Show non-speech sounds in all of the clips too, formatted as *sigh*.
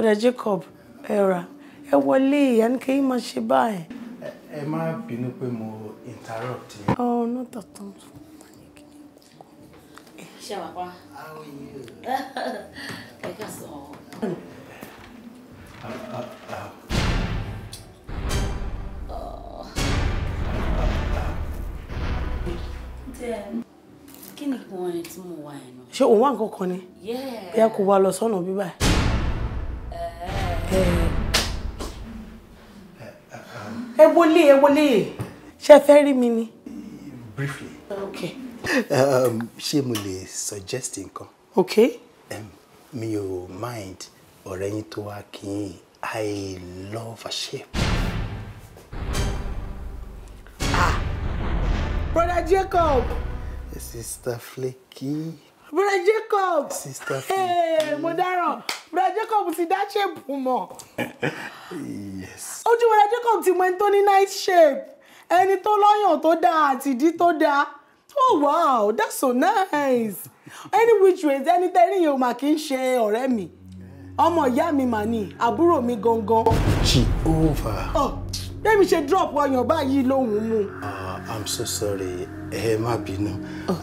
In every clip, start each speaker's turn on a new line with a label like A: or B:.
A: bọ̀dà Jacob ẹ rà ẹ wọlé ìyáníkẹ́ yìí máa ṣe báyìí.
B: ẹ má bínú pé mo interrupt
C: yín.
A: oh no tọ̀tọ̀.
D: ṣé wàá pa. *laughs* ẹ ká sọ. kí ni kí wọ́n yẹn tí mo wà
A: yẹn náà. ṣé òun wà nǹkan kan ni. bóyá kò wá lọ sọ́nà bíbá yìí ẹ wọlé ẹ wọlé ṣe fẹ́ rí mi ni.
B: briefly. okay. Um, ṣé mo lè suggest nǹkan. okay. Um, mi ò mind ọ̀rẹ́ yín tó wá kí n i love a shape. ah brother
E: Jacob.
F: sister Flaky.
E: Brother Jacob. Sister Hey, mo Brother Jacob ti that shape mọ̀. Yes. Ojú Brother Jacob ti mọ ẹni nice shape. Ẹni tó lọ́yàn to dáa àti ìdí to dáa. Oh wow, that's so nice. Any which way, ẹni tẹ́rìn yóò máa kí ń ṣe ọ̀rẹ́ mi. Ọmọ ìyá mi mà ní àbúrò mi gangan.
C: Jehovah.
E: Oh tẹ́mi ṣe drop ọyàn báyìí lòun mu. Ah,
B: i'm so sorry ẹ má bínú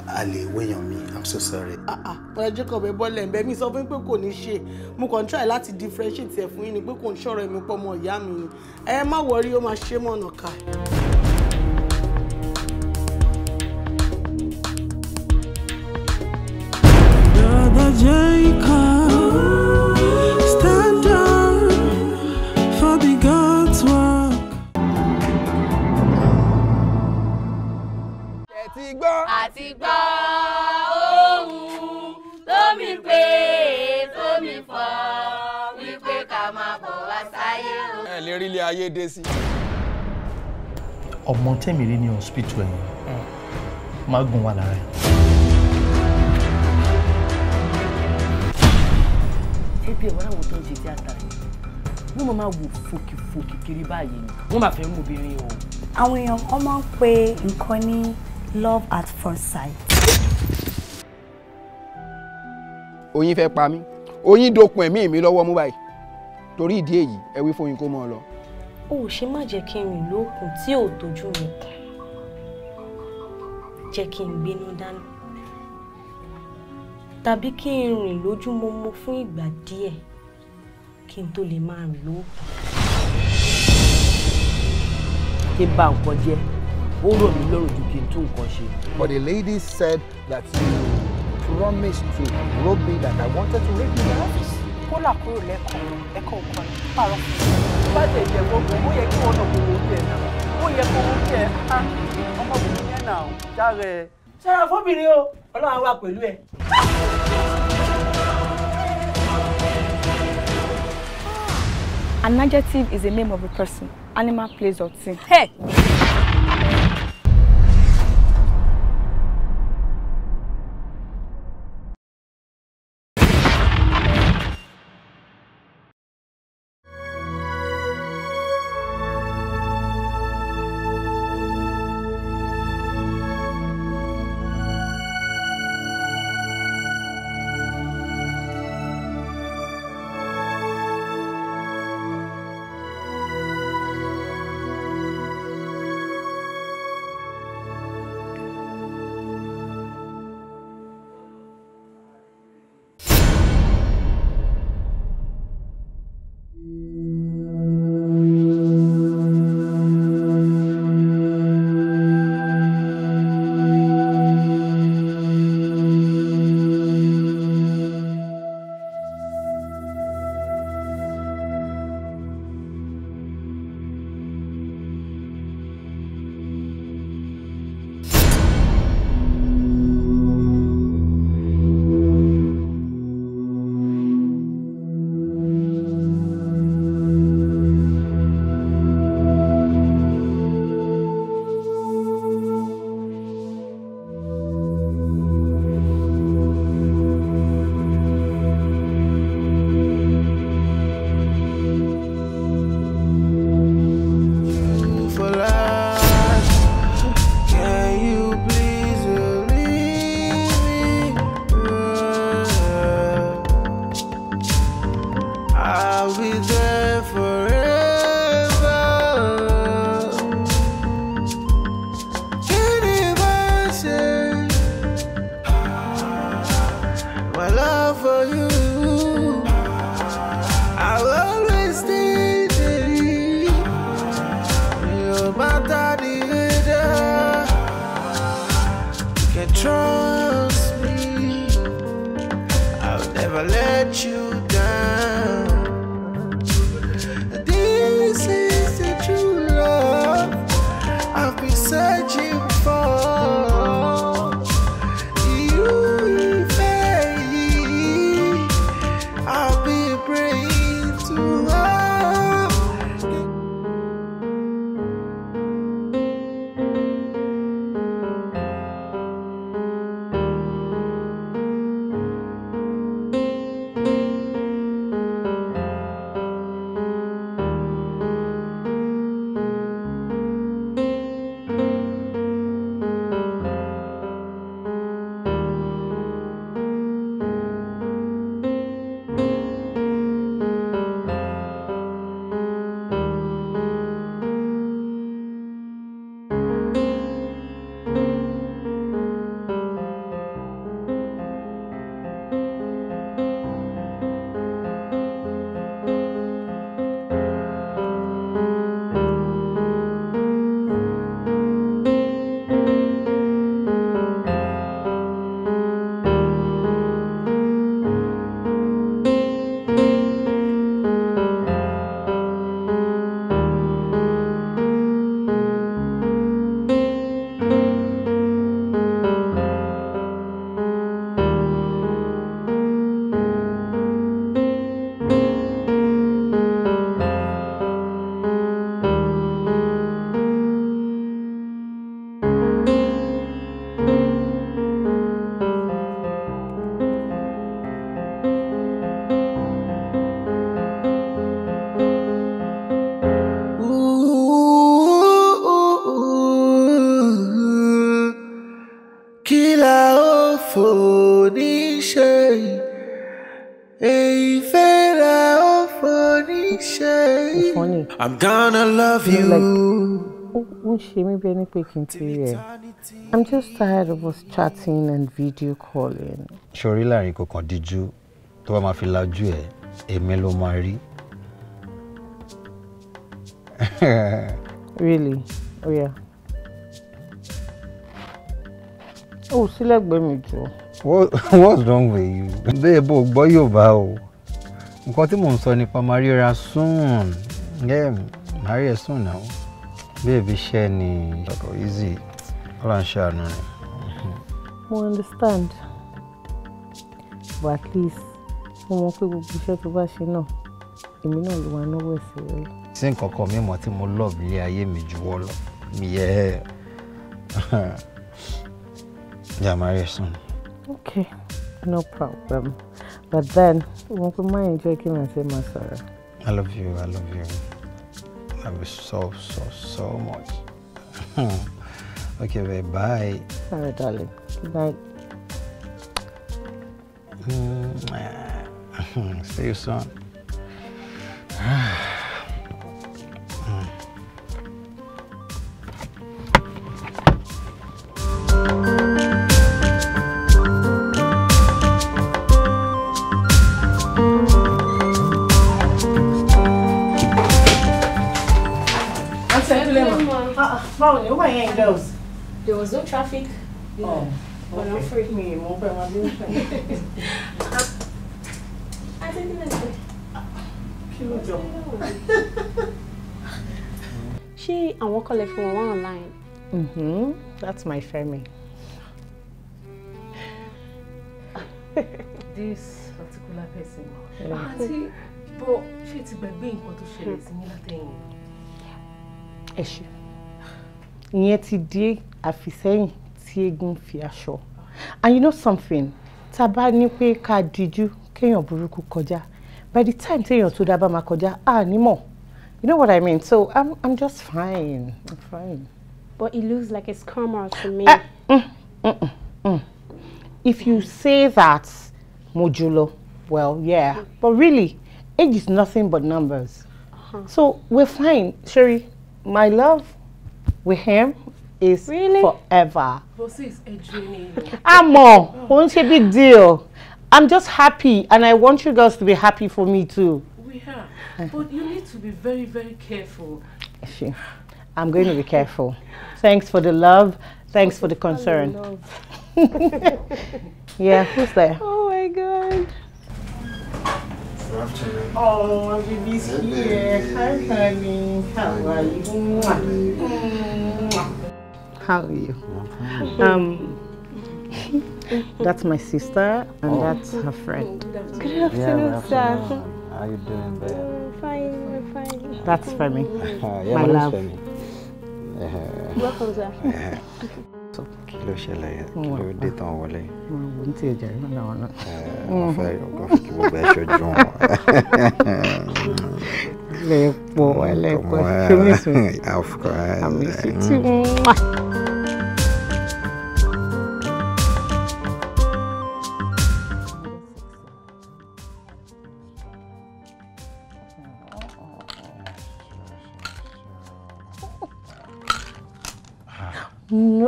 B: a lè wéyàn mi i'm so sorry. ọ̀rẹ́
E: ah, ah. jacob ẹ bọ́lẹ̀ ń bẹ mi sọ fún pé kò ní ṣe mo kàn try láti differentiate ẹ̀ fún yín ni pé kò ń ṣọ̀rọ̀ ẹ̀mí pọ̀ mọ́ ìyá mi ni ẹ má wọrí ó máa ṣe mọ̀nà ká.
C: Brother Jacob.
G: àti gbọ́. àti gbọ́ ohun
C: tómi pé tómi fọ́ wípé ká máa bọ̀ wá sáyé o.
B: ẹ lè rí ilé ayé dé sí. ọmọ tẹ́mi rí ní hospital ẹ̀yìn
H: máa gùn wà lára ẹ̀.
D: ebi ẹ̀wọ́n àwọn tó ń ṣe tíátà yìí wọ́n máa máa wò fòkìfòkì kiri báyìí ni wọ́n máa fẹ́ mú obìnrin o. àwọn èèyàn kan máa ń pe nǹkan ní love at first sight.
B: oyin fẹ́ pa mí oyin dokun ẹ̀mí mi lọ́wọ́ mú báyìí torí ìdí èyí ẹ wí fún yín kó mọ́ ọ lọ.
D: o ò ṣe má jẹ́ kí n rìn lókun tí ò tójú mi kàn jẹ́ kí n gbénú dání tàbí kí n rìn lójúmọmọ fún ìgbà díẹ̀ kí n tó lè máa rìn lókun.
B: kí n bà nǹkan jẹ́ ó rọ̀ mí lọ́rùn ju kí n tún nǹkan ṣe. But the lady said that you promised to
C: rob me that I wanted to rape you in the
I: kúrò lẹ́kọ̀ọ́ ẹ̀kọ́ òkan ní pààrọ̀ fún mi. bá tẹ̀ jẹ́ gbogbo ó yẹ kí wọ́n náà gbogbo orí ẹ̀ náà ó yẹ kó orí ẹ̀ á ọmọbìnrin
E: yẹn náà járe. ṣọ́ra fóbìnrin o ọlọ́run wà pẹ̀lú ẹ̀.
D: An adjective is a name of a person, animal, place, or thing. Hey!
A: of I'm just tired of us chatting and video calling.
F: Ṣorí láàrin kò kàn díjú tó bá máa fi lajú ẹ̀ èmi ló *laughs*
A: Really? Oh yeah. Oh, sílẹ̀gbẹ́ mi jọ.
F: What's wrong with you? They bó boy Yorùbá bow? Nǹkan tí to ń sọ nípa máa ríra soon. Yeah àárí ẹ̀ sùn Now, baby, share iṣẹ́ ni ọ̀rọ̀ easy
A: ọ̀là ń ṣàánú rẹ̀. mo understand but at least mo mọ pé gbogbo iṣẹ́ tó bá ṣe náà èmi náà ló wà náwó ẹ̀sìn rẹ̀.
F: sí nǹkan kan mímọ tí mo lọ ilé ayé mi jù wọ́ lọ mi yẹ *laughs* ẹ́ yà máa rí ẹ̀ sùn.
A: okay no problem but then mo pe máa enjoy kí n àti
F: i love you i love you. I Love you so, so, so much. Hmm. okay, babe, bye. All right, darling.
G: Bye.
A: Mm
G: *laughs* See you soon. *sighs* *sighs*
A: was no traffic. Oh, yeah. Oh, okay. Me, more than one I didn't
D: She and what call from one online.
A: Mm-hmm. That's my family. *laughs* this
D: particular person. Yeah. Auntie, ah, but she is a nǹkan What ṣẹlẹ̀ sí mi látẹ̀yìn.
A: he? ṣe àfìsẹ́yìn tí eégún fi aṣọ and you know something tá a bá ní pé ká díjú kéèyàn burúkú kọjá by the time téèyàn tó dábàá máa kọjá a ní mọ̀ you know what I mean so I'm I'm just fine I'm fine.
D: But it looks like a scammer to me. Uh,
A: mm, mm, mm, mm. If you say that, Mojulo, well, yeah. But really, age is nothing but numbers. Uh-huh. So we're fine, Sherry. My love, with him, is really? forever. is Amo, won't a big deal. I'm just happy and I want you girls to be happy for me too. We are. But you need to be very, very careful. I'm going to be careful. Thanks for the love. Thanks for the concern. *laughs* yeah, who's there? Oh my god. Oh, baby's here. Hi,
I: honey. How are you? Mm.
A: How are you? Um, that's my sister, and oh. that's her friend.
D: Good afternoon, yeah, sir.
A: How you doing, babe? I'm oh, fine, fine. That's Femi. *laughs* yeah, my love. Femi.
D: Welcome, sir.
F: kí ló ṣẹlẹ̀ yẹn kí ló dé tán wọlé.
A: mo ń tiẹ̀ jẹ́ ìrìnà ọ̀nà. wọ́n fẹ́
G: ọkọ̀ *laughs* *laughs* sí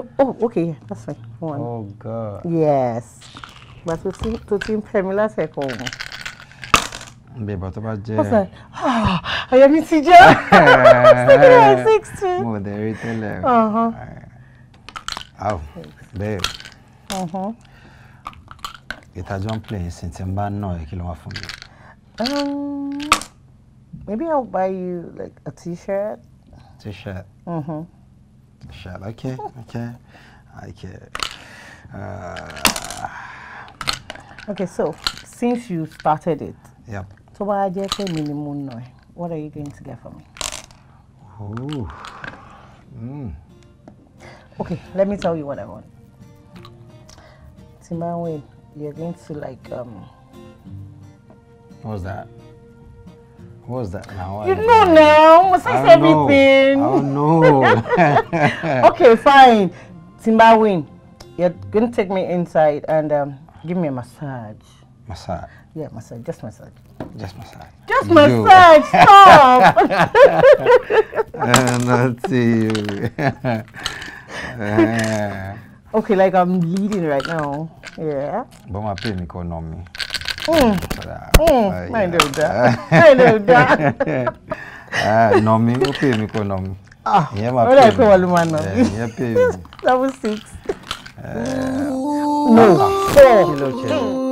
D: ní oh
A: okay yeah, that's fine one. oh god. yes but to ti tó ti ń pẹ́ mi láti about òun.
F: What's that? Oh, bá jẹ́. ó
G: sọ
A: I'm mi ti jẹ́
G: sẹ́kẹ̀rẹ̀ ẹ̀ sixty.
F: mo dẹ̀ rí tẹ́lẹ̀ o
G: bẹ́ẹ̀
F: ìtajọ́ ń play sin tí n bá nà ẹ̀ kí ló wà fún
A: um, maybe I'll buy you like a t-shirt. t-shirt. Uh huh.
F: Shut. Okay. Okay. Okay. Uh,
A: okay. So since you started it. Yep. So I just say minimum no? What are you going to get for me? Ooh. Mm. Okay. Let me tell you what I want. Timawe, you're going to like um.
F: What was that? What's that now? You know
A: now. Besides I everything.
F: Know. I know. *laughs* *laughs*
A: okay, fine. Zimbabwe. you're going to take me inside and um, give me a massage. Massage? Yeah, massage. Just massage. Just massage.
H: Just you. massage.
A: Stop.
F: uh, not you.
A: Okay, like I'm bleeding right now. Yeah.
F: But my pain economy. máìndé ò dá máìndé ò dá. nà mí ó pè mí kó nà
A: double six. no four.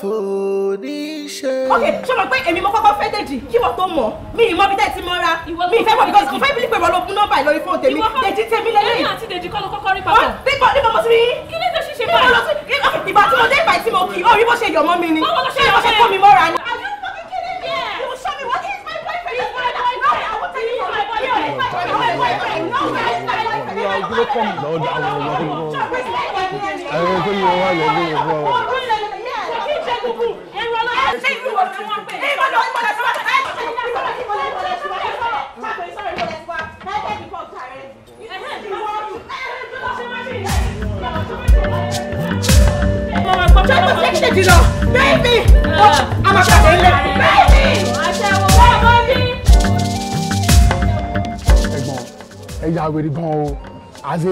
A: foníṣe. ok ṣé
D: mo pé èmi mo kọ́kọ́ fẹ́ dèjì kí wọ́n tó mọ̀ mi ì mọ bí tẹ́tí mọ́ ra mi ì fẹ́ mọ̀ because mo fẹ́ bí pé wọ́n ló mú nọ́mbà lórí fóònù tèmi dèjì tèmi lẹ́yìn. èmi àti dèjì kọ́ ló kọ́kọ́ rí papọ̀. nípa nípa mo ti rí. kí ni tó ṣiṣẹ́ báyìí. ìgbà tí mo dé ìgbà tí mo kì í orí bó ṣe yọ̀ mọ́ mi ni. báwo ló ṣe yọ̀ mọ́ mi mọ́ra ni.
C: Àwọn ọ̀gbìn ló kọ́ mi lọ́dọ̀ àwọn
G: ọ̀gbìn lọ́wọ́. Àwọn ọ̀gbìn ló wà lẹ́yìn ìwọ́ kúkú ẹ̀rọ ọlọ́run. ẹ ṣe ìlú wo ni wọ́n
D: pè é. ìwọ ló ń bọ̀lẹ̀ Ẹ̀gbọ́n, ẹ wèrè
B: gan o àti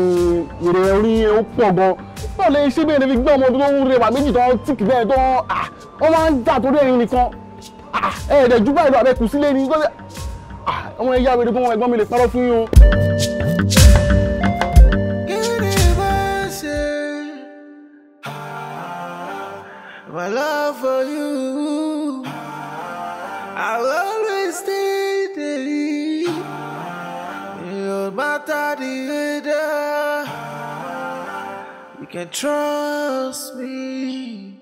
B: èrè orí ó pọ̀ gan náà lè ṣe bẹ́ẹ̀ ni fi gbé ọmọ tó ń rẹwà méjì tó ń tìkì bẹ́ẹ̀ tó ń à wọ́n máa ń jà torí ẹ̀rín nìkan ẹ̀ẹ́dẹ̀jú báyìí lọ àbẹ́kù sílé ni ọmọ ẹ̀yà wèrè fún ọmọ ẹ̀gbọ́n mi lè parọ́ fún yín o.
C: can trust me,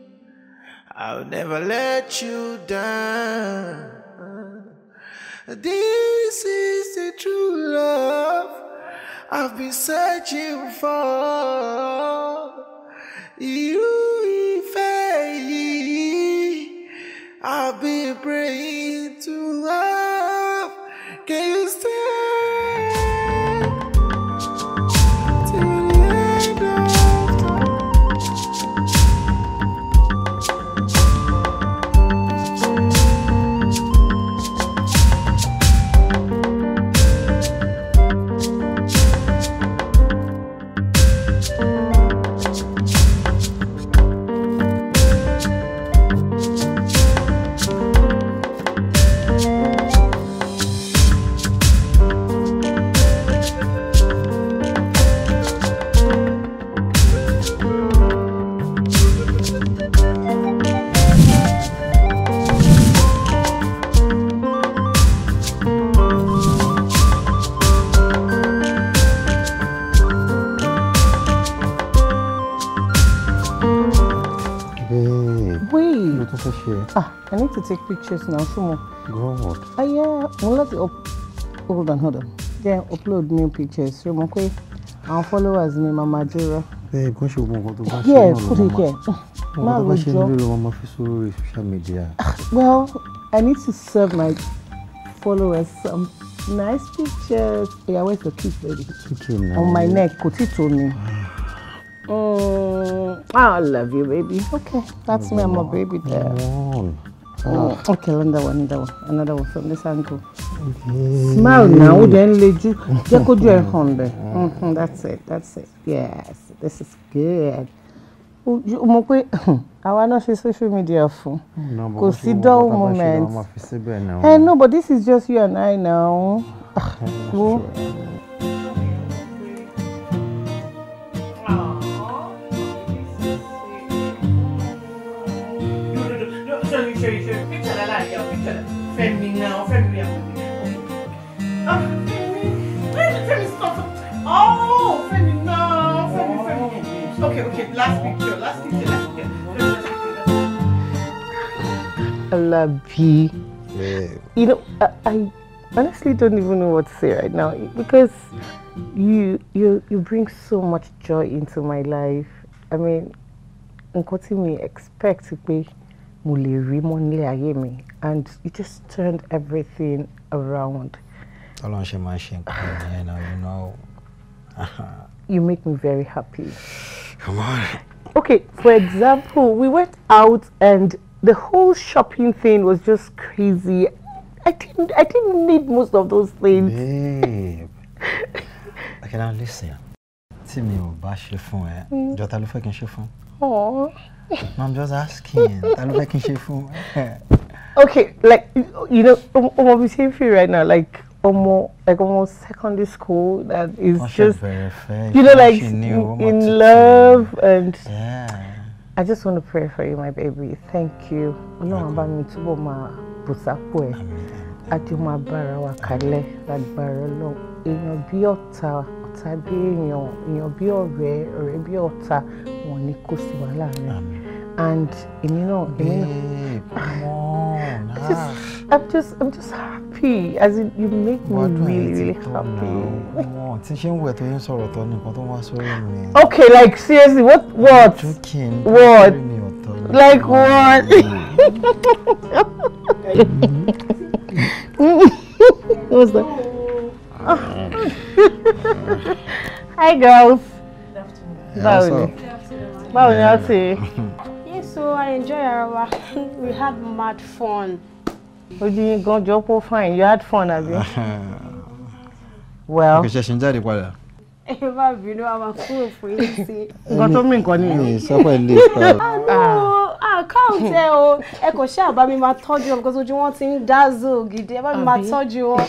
C: I'll never let you down. This is the true love I've been searching for. You fail, I've been praying to love. Can you stay?
A: I need to take pictures now, Sumo. Good. Oh, ah, yeah. We'll let up. Hold on, hold on. Yeah, upload new pictures. Sumo, okay. Our followers name Mama Jura.
F: Hey, go show Mama. Yeah, put it here. Ah,
A: well, I need to serve my followers some nice pictures. Yeah, where's the kiss, baby? Okay, On my neck, put it on me.
G: Mm,
A: I love you, baby. Okay, that's me. I'm a baby there. Come on. Oh. Okay, learn that one, that one, another one from this angle. Okay. Smile now, then let you. Just go do it, That's it, that's it. Yes, this is good. mo pé hmm, àwa náà ṣe social media fún kò sí dull moment eh no but this is just you and I now. Mm-hmm.
E: last
G: picture, last picture, last picture.
A: Yeah. You know, I, I, honestly don't even know what to say right now because you you you bring so much joy into my life. I mean, nǹkan me mi expect to mo lè ayé mi and you just turned everything around.
F: you know.
A: you make me very happy. Come on. Okay, for example, we went out and the whole shopping thing was just crazy. I didn't, I didn't need most of those things. Babe.
F: *laughs* okay, now listen. See me, you bá ṣe fún ẹ, hmm. jọ Aww. I'm
A: just asking. ta ló fẹ́ kí *laughs* Okay, like, you know, I'm, for you right now, like, almost like almost secondary school that is oh, just you know like in, in love do. and
G: yeah.
A: I just want to pray for you my baby thank you Ọlọ́run bá mi túbọ̀ máa bùsápò ẹ̀ àdìmọ̀ abára wa kalẹ̀ lágbára Ọlọ́run èèyàn bí ọ̀tá ọ̀tá bí èèyàn èèyàn bí ọ̀rẹ́ ọ̀rẹ́ bí ọ̀tá wọn ni kò sí and èmi náà I'm just ah. I'm just I'm just happy happy as in you make me really really
F: happy. okay like seriously what what I'm
C: joking, *laughs* what like what. What's that?
A: *laughs* Hi girls. Good afternoon. Báwo
D: Yes, so I enjoy our. *laughs* we had mad fun
A: ojú yín gan jọ pọ̀ fine you had fun àbí. *laughs* well. ọkọ
F: ṣẹ̀ṣẹ̀ ń jáde padà.
D: ẹ bá bínú a máa kúrò fún yín sí. nǹkan tó
F: mí nǹkan nìyí.
G: sọ́pọ̀ ilé ìpàdé.
D: àkáǹtì ẹ o ẹ kò ṣe àbá mi máa tọ́jú wọn because ojú wọn ti ń dazzle gidi ẹ bá mi máa tọ́jú wọn.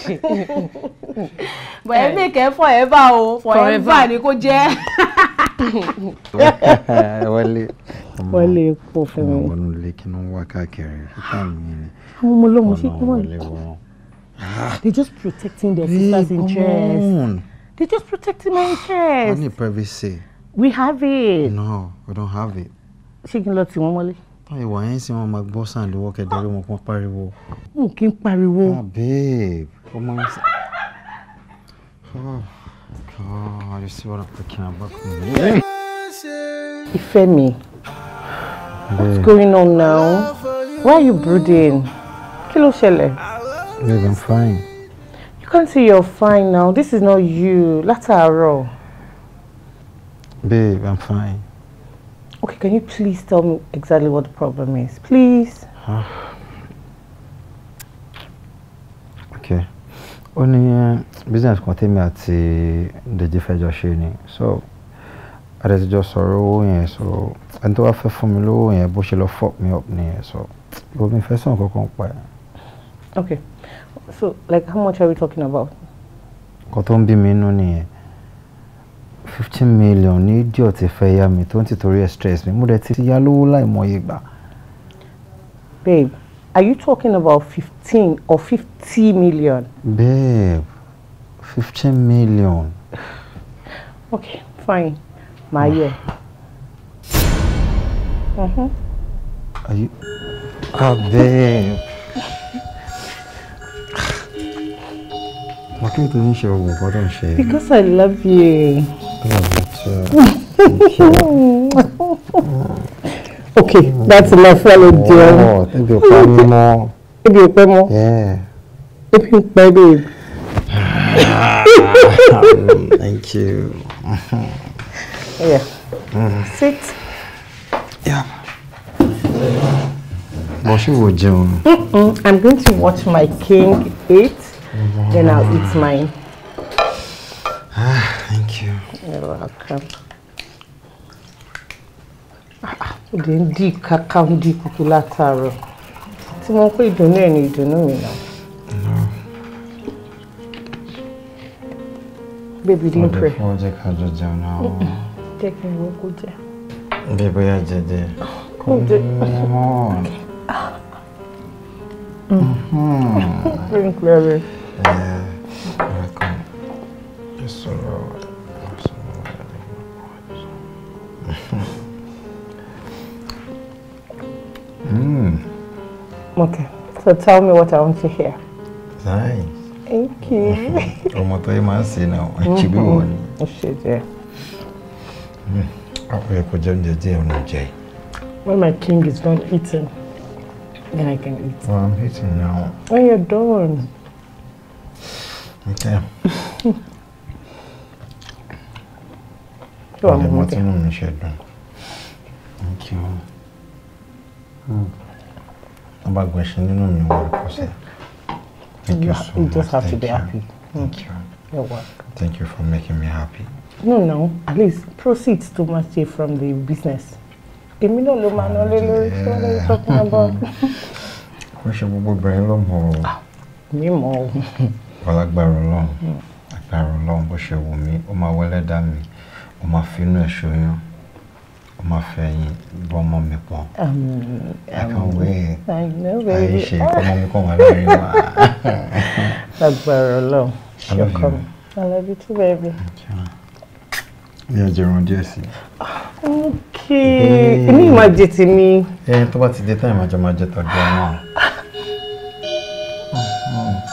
D: *laughs* bọ̀ ẹ mèkẹ́ forever o forever ni kò jẹ́.
F: *laughs* wọlé wọlé pọ̀ fún mi. àwọn ọmọ ọlọ́run lè kí ni wọ́n wá káàkiri
A: àwọn ọmọ ọlọ́mọ ṣé kí wọ́n lè
F: kọ́
A: just protecting their sisters' interests they just protecting
F: my interests. Ah, Any privacy. we have it. no we don't have it. ṣé kí n lọ tì wọ́n mọ́lé. báyìí wàá boss and wọn máa gbọ́ sàn lówó kẹdẹrẹ wọn kàn pariwo. n kì ah, babe come on. oh god you see what i'm talking about.
A: ìfẹ́ mi what's going on now why are you brooding. Kí ló ṣẹlẹ̀?
F: Yes, I'm fine.
A: You can't see you're fine now. This is not you. Látàárọ̀.
F: Babe, I'm fine.
A: Okay, can you please tell me exactly what the problem is? Please.
G: Ah.
F: okay. Ó ní eh, business kan tèmi àti Dèjì fẹ́ jọ ṣe ni. So, àdẹ̀tijọ́ sọ̀rọ̀ owó yẹn so ẹni tó wá fẹ́ fún mi lówó yẹn bó ṣe lọ fuck me up nìyẹn so. Gbogbo mi fẹ́ sàn kankan pa ẹ̀
A: okay so like how much are we talking about.
F: nǹkan tó ń bí fifteen million ní díọ̀ ti fẹ́ yá mi tó ń tìtorí ẹ̀ stress mi mo ti yá lówó láì mọye
A: babe are you talking about fifteen or fifty million.
F: babe fifteen million.
A: okay fine màá yẹ.
I: Mm-hmm.
F: Are you? Ah, babe. wà kí n tó ń ṣe oògùn kan tó because
A: i love you. i love you too.
G: okay that's enough fellow dear. Oh, ebi ò pẹ́ mọ́. ebi
A: ò pẹ́ mọ́. ebi ò pẹ́ babe.
F: *laughs* thank you. yeah. Mm. sit. Yeah. But she will jẹun.
A: I'm going to watch my king eat. Then I'll eat mine.
G: Ah, thank you.
A: You're welcome. Ó ah, dé ń di kàkà ń di kùkù látàárọ̀. Tí mo pé ìdùnnú ẹ̀ ni ìdùnnú mi náà.
G: Bébí dín pẹ̀. Mo
F: dẹ̀ fún ọjọ́ kájọ jẹun náà.
A: Jẹ́ kí n wo kó jẹ.
F: Bí bóyá jẹjẹ.
G: Kò *laughs*
F: Mm-hmm.
B: Very clever.
C: Eh,
G: mm.
A: Okay, so tell me what I want to hear. Nice. Thank you. Mm-hmm.
F: Ọmọ tó yẹ máa ń sè náà, ẹ̀kí bí wọ́n ni.
A: Mm-hmm. Ó ṣe mm-hmm.
F: jẹ. Àpò ẹ̀kọ́ jẹun jẹjẹ ọ̀nà
A: jẹ. When my king is not eating, then I can eat.
F: Well, I'm eating now.
I: When oh, you're done. Okay. You're
F: welcome. Thank you. Mm. About question, you know me well,
A: Kosi. Thank you, you so You just much. have Thank to be you. happy. Hmm. Thank you. You're welcome.
F: Thank you for making me happy.
A: No, no. At least proceeds to my stay from the business.
I: Èmi náà ló máa ná lé lórí tí wọ́n talking about.
F: Wọ́n *laughs* ṣe gbogbo obìnrin ló mọ̀ ọ́. Ah, mi mọ̀ *laughs* alágbára ọlọ́run agbára ọlọ́run bó ṣe wù mí ó máa wẹ́lẹ́ dá mi ó máa finú ẹ̀ ṣoyún ó máa fẹ̀yìn bọ́mọ mi pọ̀
A: àkànwé àyè
F: ṣe ọmọ mi kàn
I: wá lórí wa.
A: *laughs* agbára ọlọ́run ṣọkọ mi
I: I love you too baby.
F: mi ò jẹun díẹ̀ sí i. ok inú ìmọ̀ jẹ ti mi. ẹ tó bá ti dé tán ìmọ̀jọ máa jẹ tọ́jú ẹ *laughs*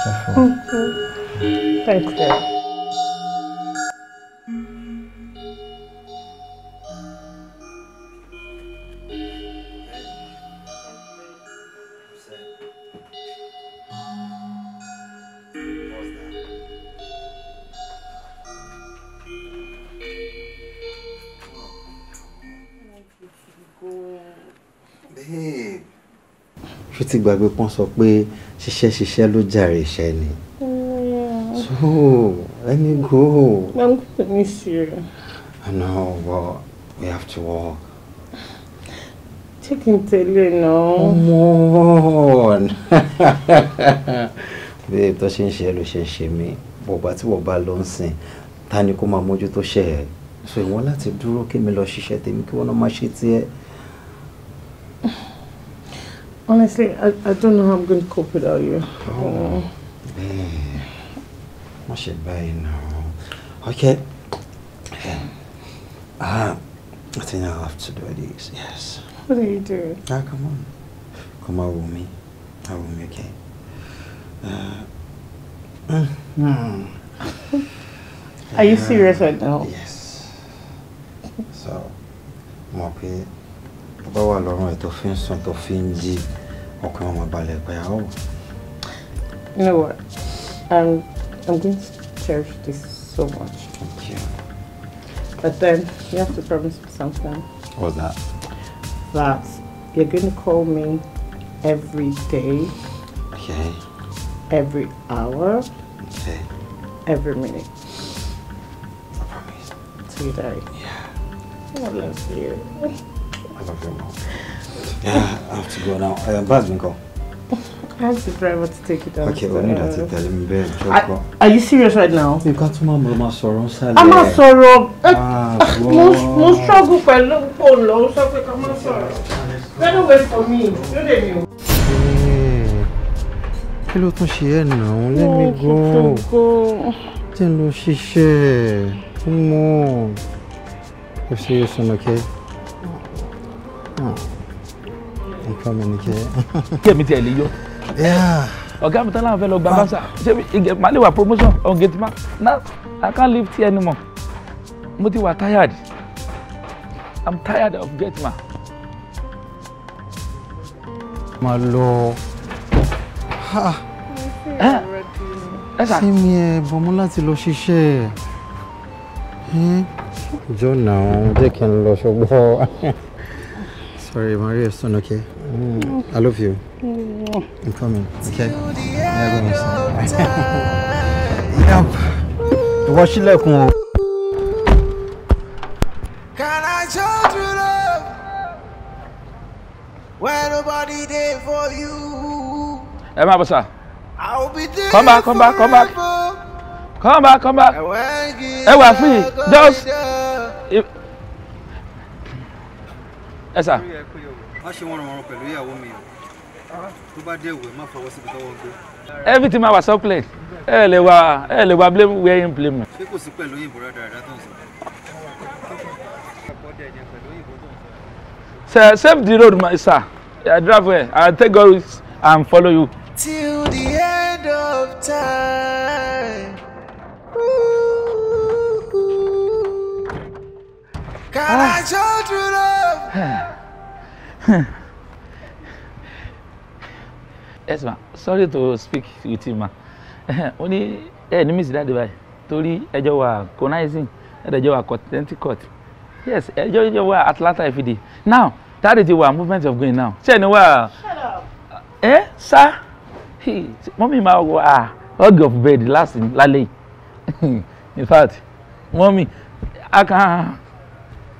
G: Careful. Mm -hmm. Thanks, girl.
F: Babe. ṣé sọ pé ṣiṣẹ́ ṣiṣẹ́ ló jàre iṣẹ́ ni. so let me go.
A: i'm gonna miss you.
F: i know but we have to work.
A: Chicken tẹ̀lé náà. come
F: on. *laughs* bí ètò ṣe ń ṣe ló ṣe ń ṣe mí bọ̀gbà tí wọ́n bá lọ ń sìn ta ni kó máa mójútó ṣe ẹ̀ so ìwọ́n láti dúró kí mi lọ ṣiṣẹ́ tèmi kí wọ́n náà máa ṣe tiẹ̀.
I: Honestly, I, I don't know how I'm going to cope without
G: you. Oh,
F: uh, man. What should I now? Okay. Uh, I think I'll have to do this,
C: yes. What are you doing? Ah, come
F: on. Come out with me. Out with me, okay? Uh, mm, hmm. Are you serious uh, right
G: now? Yes.
F: So, Moppy bá wà lọ́rùn ẹ̀ sùn tó fi ń jí ọkùnrin ọmọ balẹ̀
I: You know what? I'm, I'm going to cherish this so much.
A: Thank you. But then you have to promise me something. What's that? That you're going to call me every day. Okay. Every hour. Okay. Every minute. I promise. Today. Yeah.
G: I love you.
F: I love you, Mom. Yeah, I have to go now. Um, Baz, Nicole.
A: I have to drive to take it down. Okay, we need to tell
F: him, babe.
A: Are you serious right now? You've got to mama máa sọ̀rọ̀ sale. A máa sọ̀rọ̀. Ah, eh, mo mo struggle pẹ̀lú phone lo, sọ pé ká máa sọ̀rọ̀. Get away from me. You dey me.
C: Eh,
F: kí ló Now, Let me go. Hello, ń lọ ṣiṣẹ́. Come on. you serious, okay?
J: nǹkan mi ni kẹ́. kí èmi tiẹ̀ lè yọ. ọ̀gá mi tán láwọn fẹ́ lọ gba báṣà ṣé màá lè wà promotion on gate man now I can't live here anymore mo ti wà tired I'm tired of gate man.
F: máa lọ. Simi ẹ bọ̀mú láti lọ ṣiṣẹ́ ẹ̀. Jọ̀ọ́ náà jẹ́ kí n lọ ṣọgbọ́n. Sorry, Maria is not okay. Mm. I love you. Mm. I'm coming, okay? Yeah, go inside. *laughs* Yep. Wash your leg,
C: Can I show true love Where nobody there for you? Hey, my boss, I'll be there. Come back, come back, come back.
J: Come back, come back.
F: Hey, we're free. Just ẹ sà. má ṣe wọ́n rọrùn pẹ̀lú ìyàwó mi o tó bá dé ìwé má fọwọ́ síbi tọ́wọ́ gbé.
J: everything ma wà chocolate ẹ lè wà ẹ lè wà blame where him blame me.
F: ṣé kò sí pẹ̀lú òyìnbó rádaràdá tó ń sọ.
J: sir save the road my sir i drive well i take God and follow you. till
C: the end of time. Ooh, ooh. Can ah. I show true love?
J: yes ma sorry to speak with you ma *laughs* ó ní ẹ ní mísì dáàdì báyìí torí ẹjọ́ wa conizing ẹjọ́ wa connecticut yes ẹjọ́ ẹjọ́ wa atlanta ifidi e now tàdé ti wa movement of going now Say ṣe ni wa ẹ Mommy, mọ́mí máa wọ hug of bed last lálẹ́ yìí *laughs* in fact mommy, i can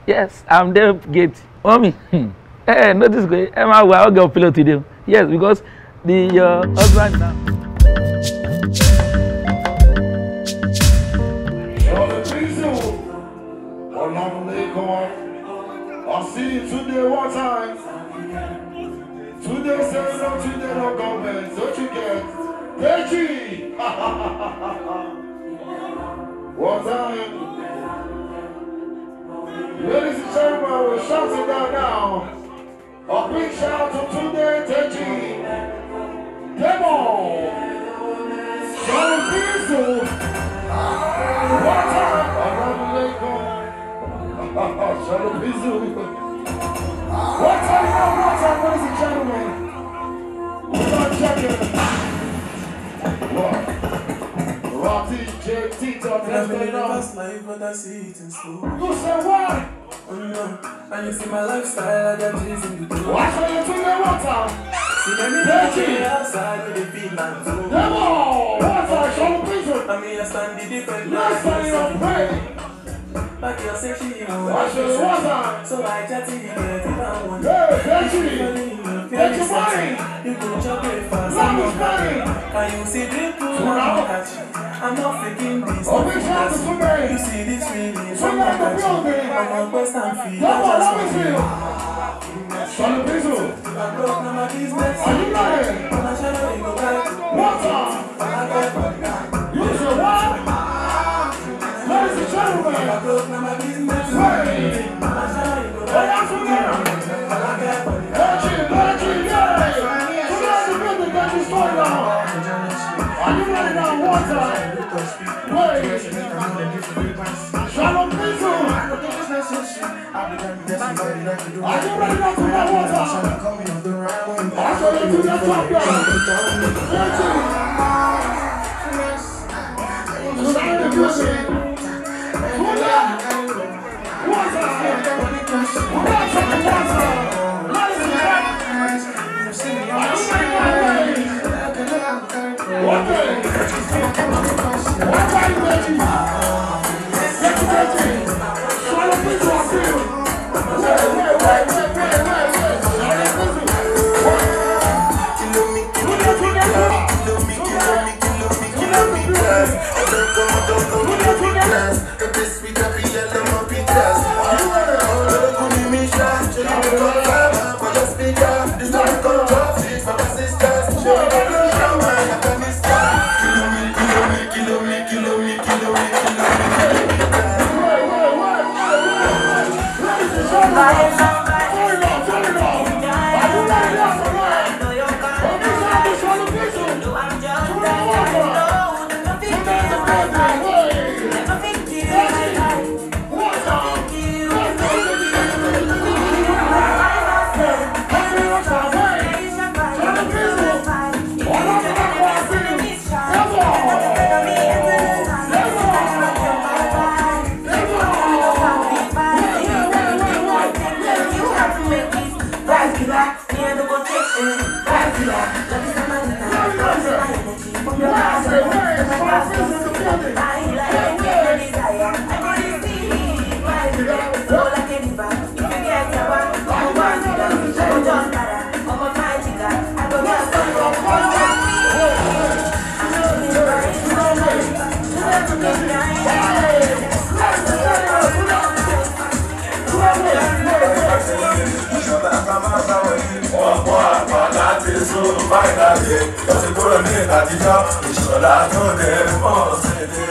J: yes i'm there gate. Mommy, hmm. eh, eh, eh? ẹ notice pé ẹ máa wà ọ̀gá pillow today yes because the your husband now.
C: a shout it down now. A big shout to today, 2013. Come on. John Diesel. What time? Shalom Diesel. What time now? What time? Ladies and gentlemen. We're not checking. What? Rocky, JT, talk, that's going on. You said what? and you see my lifestyle, I got G's in the door. Watch how you drink the
J: water. See let me outside with the feet man too. Come on, water, show me prison. I mean, I stand the different. Last time you pray. Back girl said she won't. Watch the
G: water. So I chatted the girl till I won. Hey, Benji. Get your money.
I: You go chop it fast. Love is money. Can you see the pool? Catch you. I'm not faking this. Oh, we trying to swim it. You see this feeling. Swim like a building. I'm on West and Come on, let me feel. Son of Pizzo. I broke none of these Are you ready? When I Water. Ladies and gentlemen. I broke none of these
G: water. you What the? All right, ladies.
J: sun fáìlà yẹ lọ́sẹ̀ kúrò ní àtijọ́ ìṣọ̀lá tó dé pọ̀ sí i.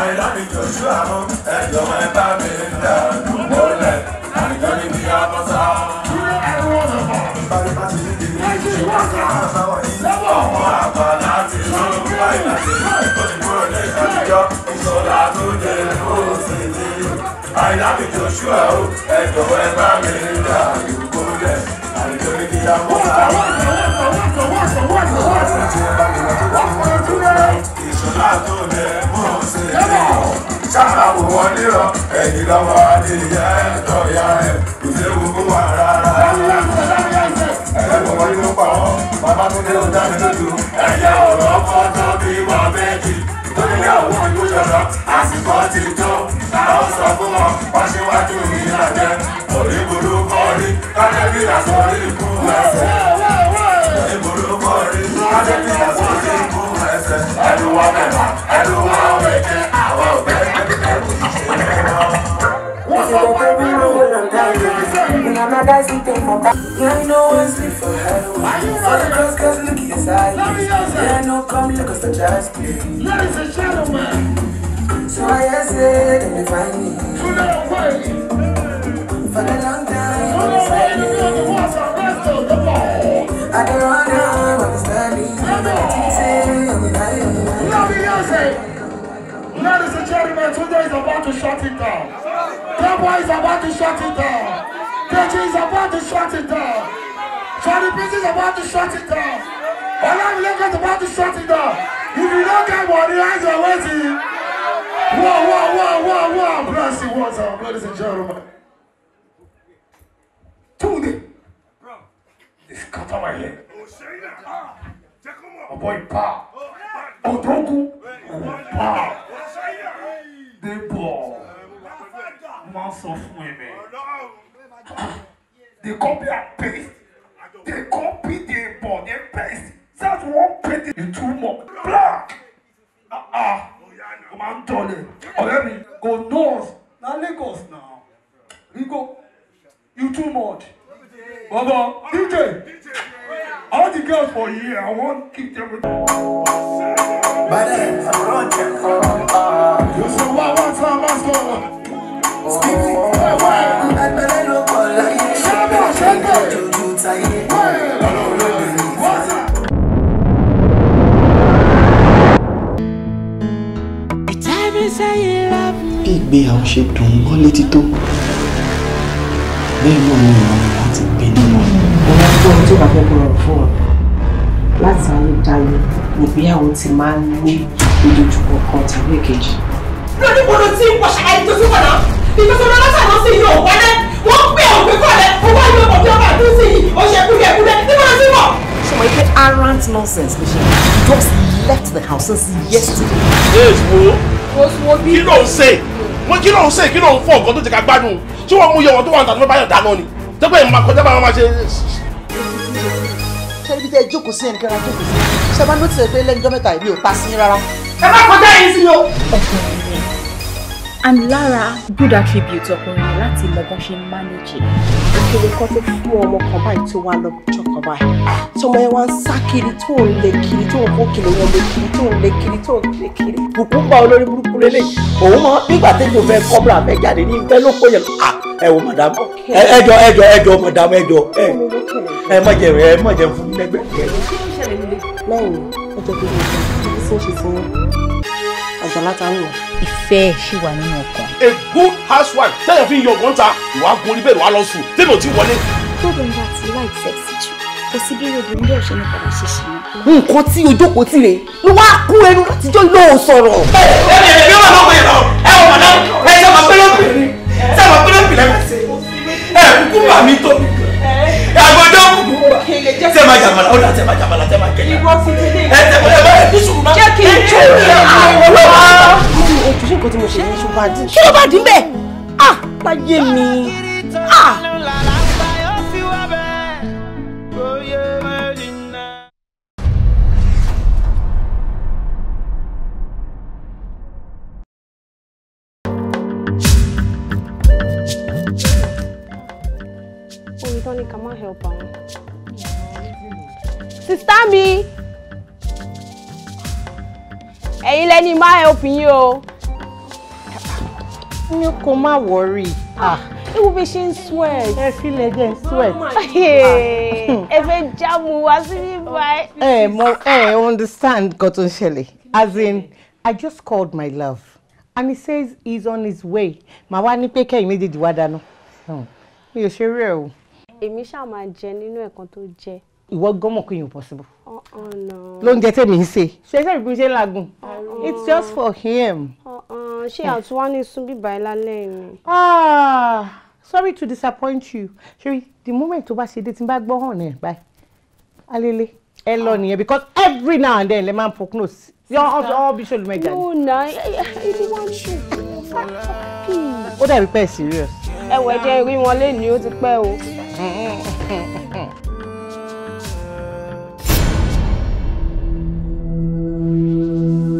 J: àìlá mi jọ̀jú àmú
G: ẹ̀jọ̀ mọ́ ẹ bá mi dà mọ́lẹ̀ àìjọ ní bí a bọ́ sá. Bàbá ti ní ìdílé ìṣòwò àti àbáwọ̀ yìí. Ọmọ àgbà láti sun fáìlà yẹ lọ́sẹ̀ kúrò ní àtijọ́ ìṣọ̀lá tó dé pọ̀ sí i.
J: àìlá mi jọ̀jú àmú ẹ̀jọ̀ mọ́ ẹ bá mi sáàbù wọn nírọ ẹ̀yìn lọ́wọ́ adìyẹ ẹ̀tọ́ ya rẹ̀ kò sí ewu fún wa rárá. ẹ̀rọ wọn ni mo pa ọ́ bàbá tó dé ọjà mi lójú ẹ̀yẹ ọ̀rọ̀ ọkọ̀ tó bí wọ́n bẹ́ẹ̀ jì ní àwọn olùjọba àsìkò ti tó a ó sọ fún wọn wọ́n ṣíwájú ìrìnàjẹ
D: orí burúkọ rí kádébí àsọrí ikú ẹsẹ̀ orí burúkọ rí kádébí àsọrí ikú ẹsẹ̀ ẹnu wọn mẹ́ta ẹnu wọn wẹ̀kẹ́ àwọn òbẹ́ ẹ̀rù ìṣẹ̀lẹ̀ wọn. This is the thing you know I'm dying. And I'm not guys sleeping
A: for that. Yeah, I know I sleep for her. For the
C: girls, girls look inside. Yeah, I know come look at the jazz play. That is a shadow man. So I asked it and find me. For the long time, I'm beside I do run out, I'm standing. I'm not teasing, I'm lying. Ladies and gentlemen, today is about to shut it down. Playboy is about to shut it down. KG is about to
E: shut it down. Charlie Prince is about to shut it down. Olamilekan is about to
C: shut it down. If you don't get money, eyes are waiting.
G: Whoa, whoa, whoa, whoa, whoa. Bless you once out, ladies and gentlemen.
H: Tune in. It's cut my head.
B: house since yesterday. yes wo. wo bí. kí ló ń ṣe mo kí ló ń ṣe kí ló ń fọ nǹkan tó ti ka gbádùn tí wọn mú yọ wọn tó wà ní tàbí báyọ̀ dáná ni tẹ́gbẹ́ ìmọ̀ àkọjá bá máa ṣe. ṣé
A: ibi tẹ́ ẹ jókòó sí ẹnìkan jókòó sí ṣé bá ló ti rẹ̀ pé
D: lẹ́nu mẹ́ta ìbí ò ta sí rárá.
A: ẹ má kọjá yìí sí o.
D: and Lara, good attribute ọkùnrin láti mọ bá ṣe ń manage ìkéré kan tó fún
A: ọmọ kan báyìí tó wá lọ báyìí tọmọ yẹn wá ń sá kiri tó ń lé kiri tó ń kó kiri wọn lé kiri tó ń lé kiri tó ń lé kiri bùkún bá olórí burúkú lélẹ̀ òun mọ nígbà tẹ́jọ
B: fẹ́ kọ́bùrà fẹ́ jáde ní ìfẹ́ ló kó yẹn ẹ wò màdàmú ẹjọ ẹjọ ẹjọ màdàmú ẹjọ ẹ má jẹ ẹ má jẹ fún lẹgbẹ.
D: lẹ́yìn ọjọ́ tó lè ṣe ṣe sí àgbàlá ta ń lọ ìfẹ́ ẹ̀ ṣì wà nínú ọkàn.
B: a good housewife tẹ́lẹ̀ fi yan ọ̀gọ́ta ìwà gun orí bẹ́ẹ̀ wà lọ sùn tẹ́lẹ̀ ò ti wọlé.
E: tóbi ń bá ti láì kò sí bí obìnrin bẹ́ẹ̀ ṣe ní padà ṣe ṣe.
B: nǹkan tí ojókòó
E: ti rè ló wá kú ẹnu látijọ́ lóò sọ̀rọ̀. ẹ ẹ ẹ bí wọn máa ń pè é ẹ wọn máa ń pè é ẹ ṣe máa pé
B: lóbìnrin ṣe máa pé lóbìnrin lẹ́fẹ̀ẹ́ ṣe ẹ kúkú bà mí tóbi
J: gan àgbọ̀dọ̀
E: kúkú bà ṣe máa jàmàlà ó dà ṣe máa jàmàlà ṣe máa kẹyà ẹ ṣe máa jàmàlà ẹ bísù máa. jẹ́ kí n tó yẹ àwọn ọlọ́wọ́.
A: kí ló bá dín bẹ́ẹ̀? ah láyé mi.
D: lẹ́ni má help yín o.
A: mi kò má wọrí. ewu bí ṣe ń sweat. ẹ fi lè jẹ sweat. Oh ẹ fẹ́ já mu wá sí bíbá. ẹ mo ẹ understand nǹkan tó ń ṣẹlẹ̀ as in I just called my love and he says he's on his way màá wá ní pé kẹ́yìn méjèèjì wá dáná hmm. mi ò ṣe rí ẹ o.
D: èmi ṣáà máa jẹ nínú ẹ̀kan tó jẹ́
A: ìwọ gọ́mọ̀ kò yín possible.
D: Uh-uh, lóúnjẹ
A: tèmi ń ṣe. ṣe iṣẹ́ ìbí ṣe ń lagun. Uh-uh. it's just for him. Uh-uh. ṣé àtúwá ní sún bíbá ẹ lálẹ́ ni. Ah, sorry to disappoint you ṣeré the moment tó bá ṣe dé tí n bá gbọ́ hàn ẹ̀ báyìí alele ẹ lọ ah. nìyẹn because every now and then lè máa ń prognose yọ ọ bí ṣolùmọ̀ ẹja ni. no
D: na ibi wọn ṣe ó dàbí pé serious. ẹ wẹ̀ jẹ́ ìrí wọn lé ní ó ti pẹ́ o.
G: Mm-hmm. Thank you.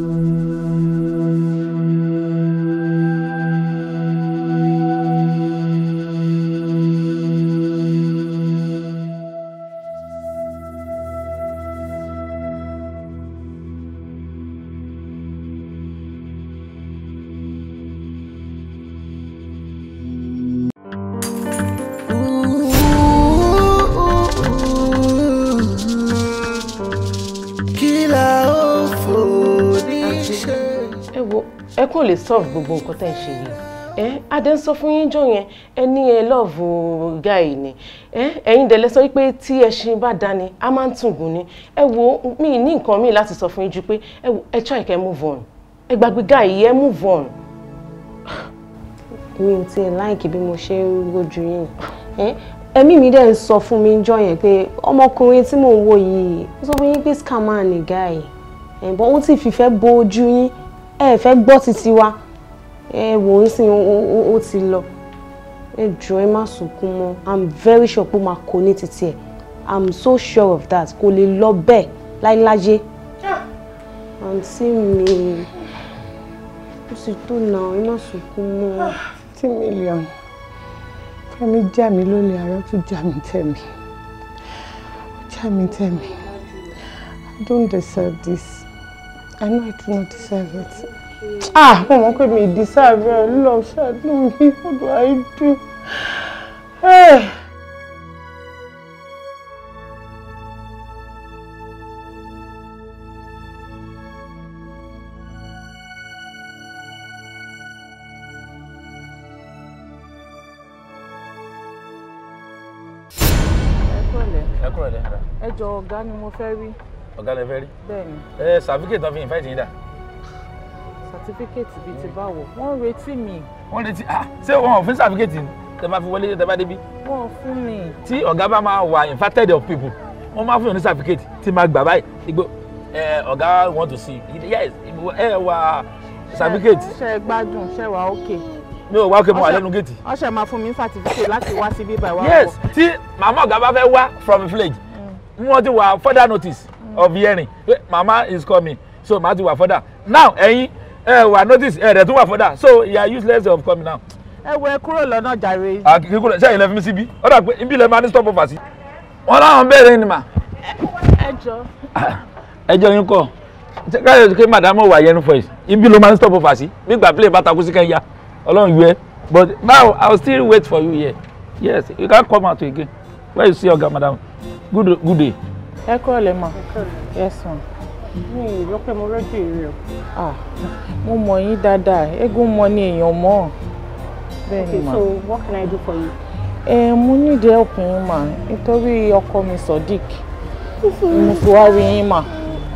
A: lè solve gbogbo nǹkan tẹ́ ẹ ṣe yìí ẹ adé ń sọ fún yín jọ yẹn ẹ ní ẹ lọ́ọ̀bù gáì ni ẹ ẹ̀yin dẹ̀ lẹ sọ pé tí ẹṣin bá dání a máa ń tùngún ni ẹ wo mi ní nǹkan mi láti sọ fún yín ju pé ẹ wo ẹ try kẹ́ move on ẹ gbàgbé gáì yẹ move on.
D: mi ò tiẹ̀ láìkí bí mo ṣe ń rojú yín ẹ̀mí mi dẹ̀ ń sọ fún mi jọ yẹn pé ọmọkùnrin tí mò ń wò yìí ó sọ fún yín pé scammer ni gáì ẹ̀ bọ́n ó ti fìfẹ́ bo ojú yín ẹ fẹ́ gbọ́ títí wa ẹ wò ó sìn ó ti lọ ẹ jọ̀ọ́ ẹ má sunkún mọ́ i'm very sure pé ó máa kó ní títí ẹ i'm so sure of that kò lè lọ bẹ́ẹ̀ láíláyé ah! àǹtí mi ó sì tó nà ẹ má sunkún
A: mọ́. Ah! tí mílíọ̀nù fẹ́mi já mi lólè ara tún já mi tẹ̀ mí já mi tẹ̀ mí i don't deserve this.
I: I know I do not ah, deserve it. Ah, Mama, could me deserve your love,
G: ṣàánú mi, what do I do? Hey. Eh.
I: ẹ jọ ọ̀gá ni mo fẹ́ rí
J: ọ̀gá lẹ fẹ́ rí. bẹ́ẹ̀ni. ẹ sàfíkètì tán fi invite yín dà.
I: sàtífíkètì bíi ti mm. báwo wọ́n retí mi.
J: wọ́n retí ah ṣé wọn ò fún sàfíkètì ni tẹ bá fi wọlé tẹ bá débi. wọn ò fún mi. tí ọ̀gá bá máa wà invited of people wọ́n máa fún yín ní sàfíkètì tí máa gbà báyìí igbó ọ̀gá want to see yes ẹ wà sàfíkètì. ṣe gbádùn ṣe wà ókè mi ò wá kí mo wà lẹ́nu géètì.
I: ọ̀sẹ̀ máa fún mi ní certificate láti wá síbí báyìí wá wọ̀. yes
J: tí màmá ọ̀gá bá fẹ́ wá from village mm. wọ́n ti wà further notice of hearing pé mama is coming so màá ti wà fọ́dà now ẹ̀yin ẹ wà notice ẹ rẹ̀ tún wa further. so you are useless of coming now.
I: ẹ wo ẹ kúrò lọ́nà jàre.
J: àkìkí kúrò ṣé ìlẹ̀ fi mi síbi ó dà pé ibi ilẹ̀ máa ní stop over sí. wọ́n láwọn bẹ̀rẹ̀ ni mà. ẹjọ́. ẹjọ́ yín kọ́ káyọ̀ pé madam wà yẹnu first ibi ló máa ń stop over sí bí gbà play bá takú sí kẹ́ńyà ọlọ́run yú ẹ but now i will still wait for you here yes you can come out again where you see oga madam good good day
I: ẹ kọ́ ọ̀lẹ́ mà yes ma. mi ì rò pé mo rẹ́jì rẹ o. Ah, mo mọ̀ yín dáadáa eégún mọ ni èèyàn mọ̀ bẹ́ẹ̀ ni ma. okay so
A: what can I do for you.
I: ẹ mo nídìí ẹkùn yín mà nítorí ọkọ mi Sodiq
G: mo fi wá rí yín
I: mà.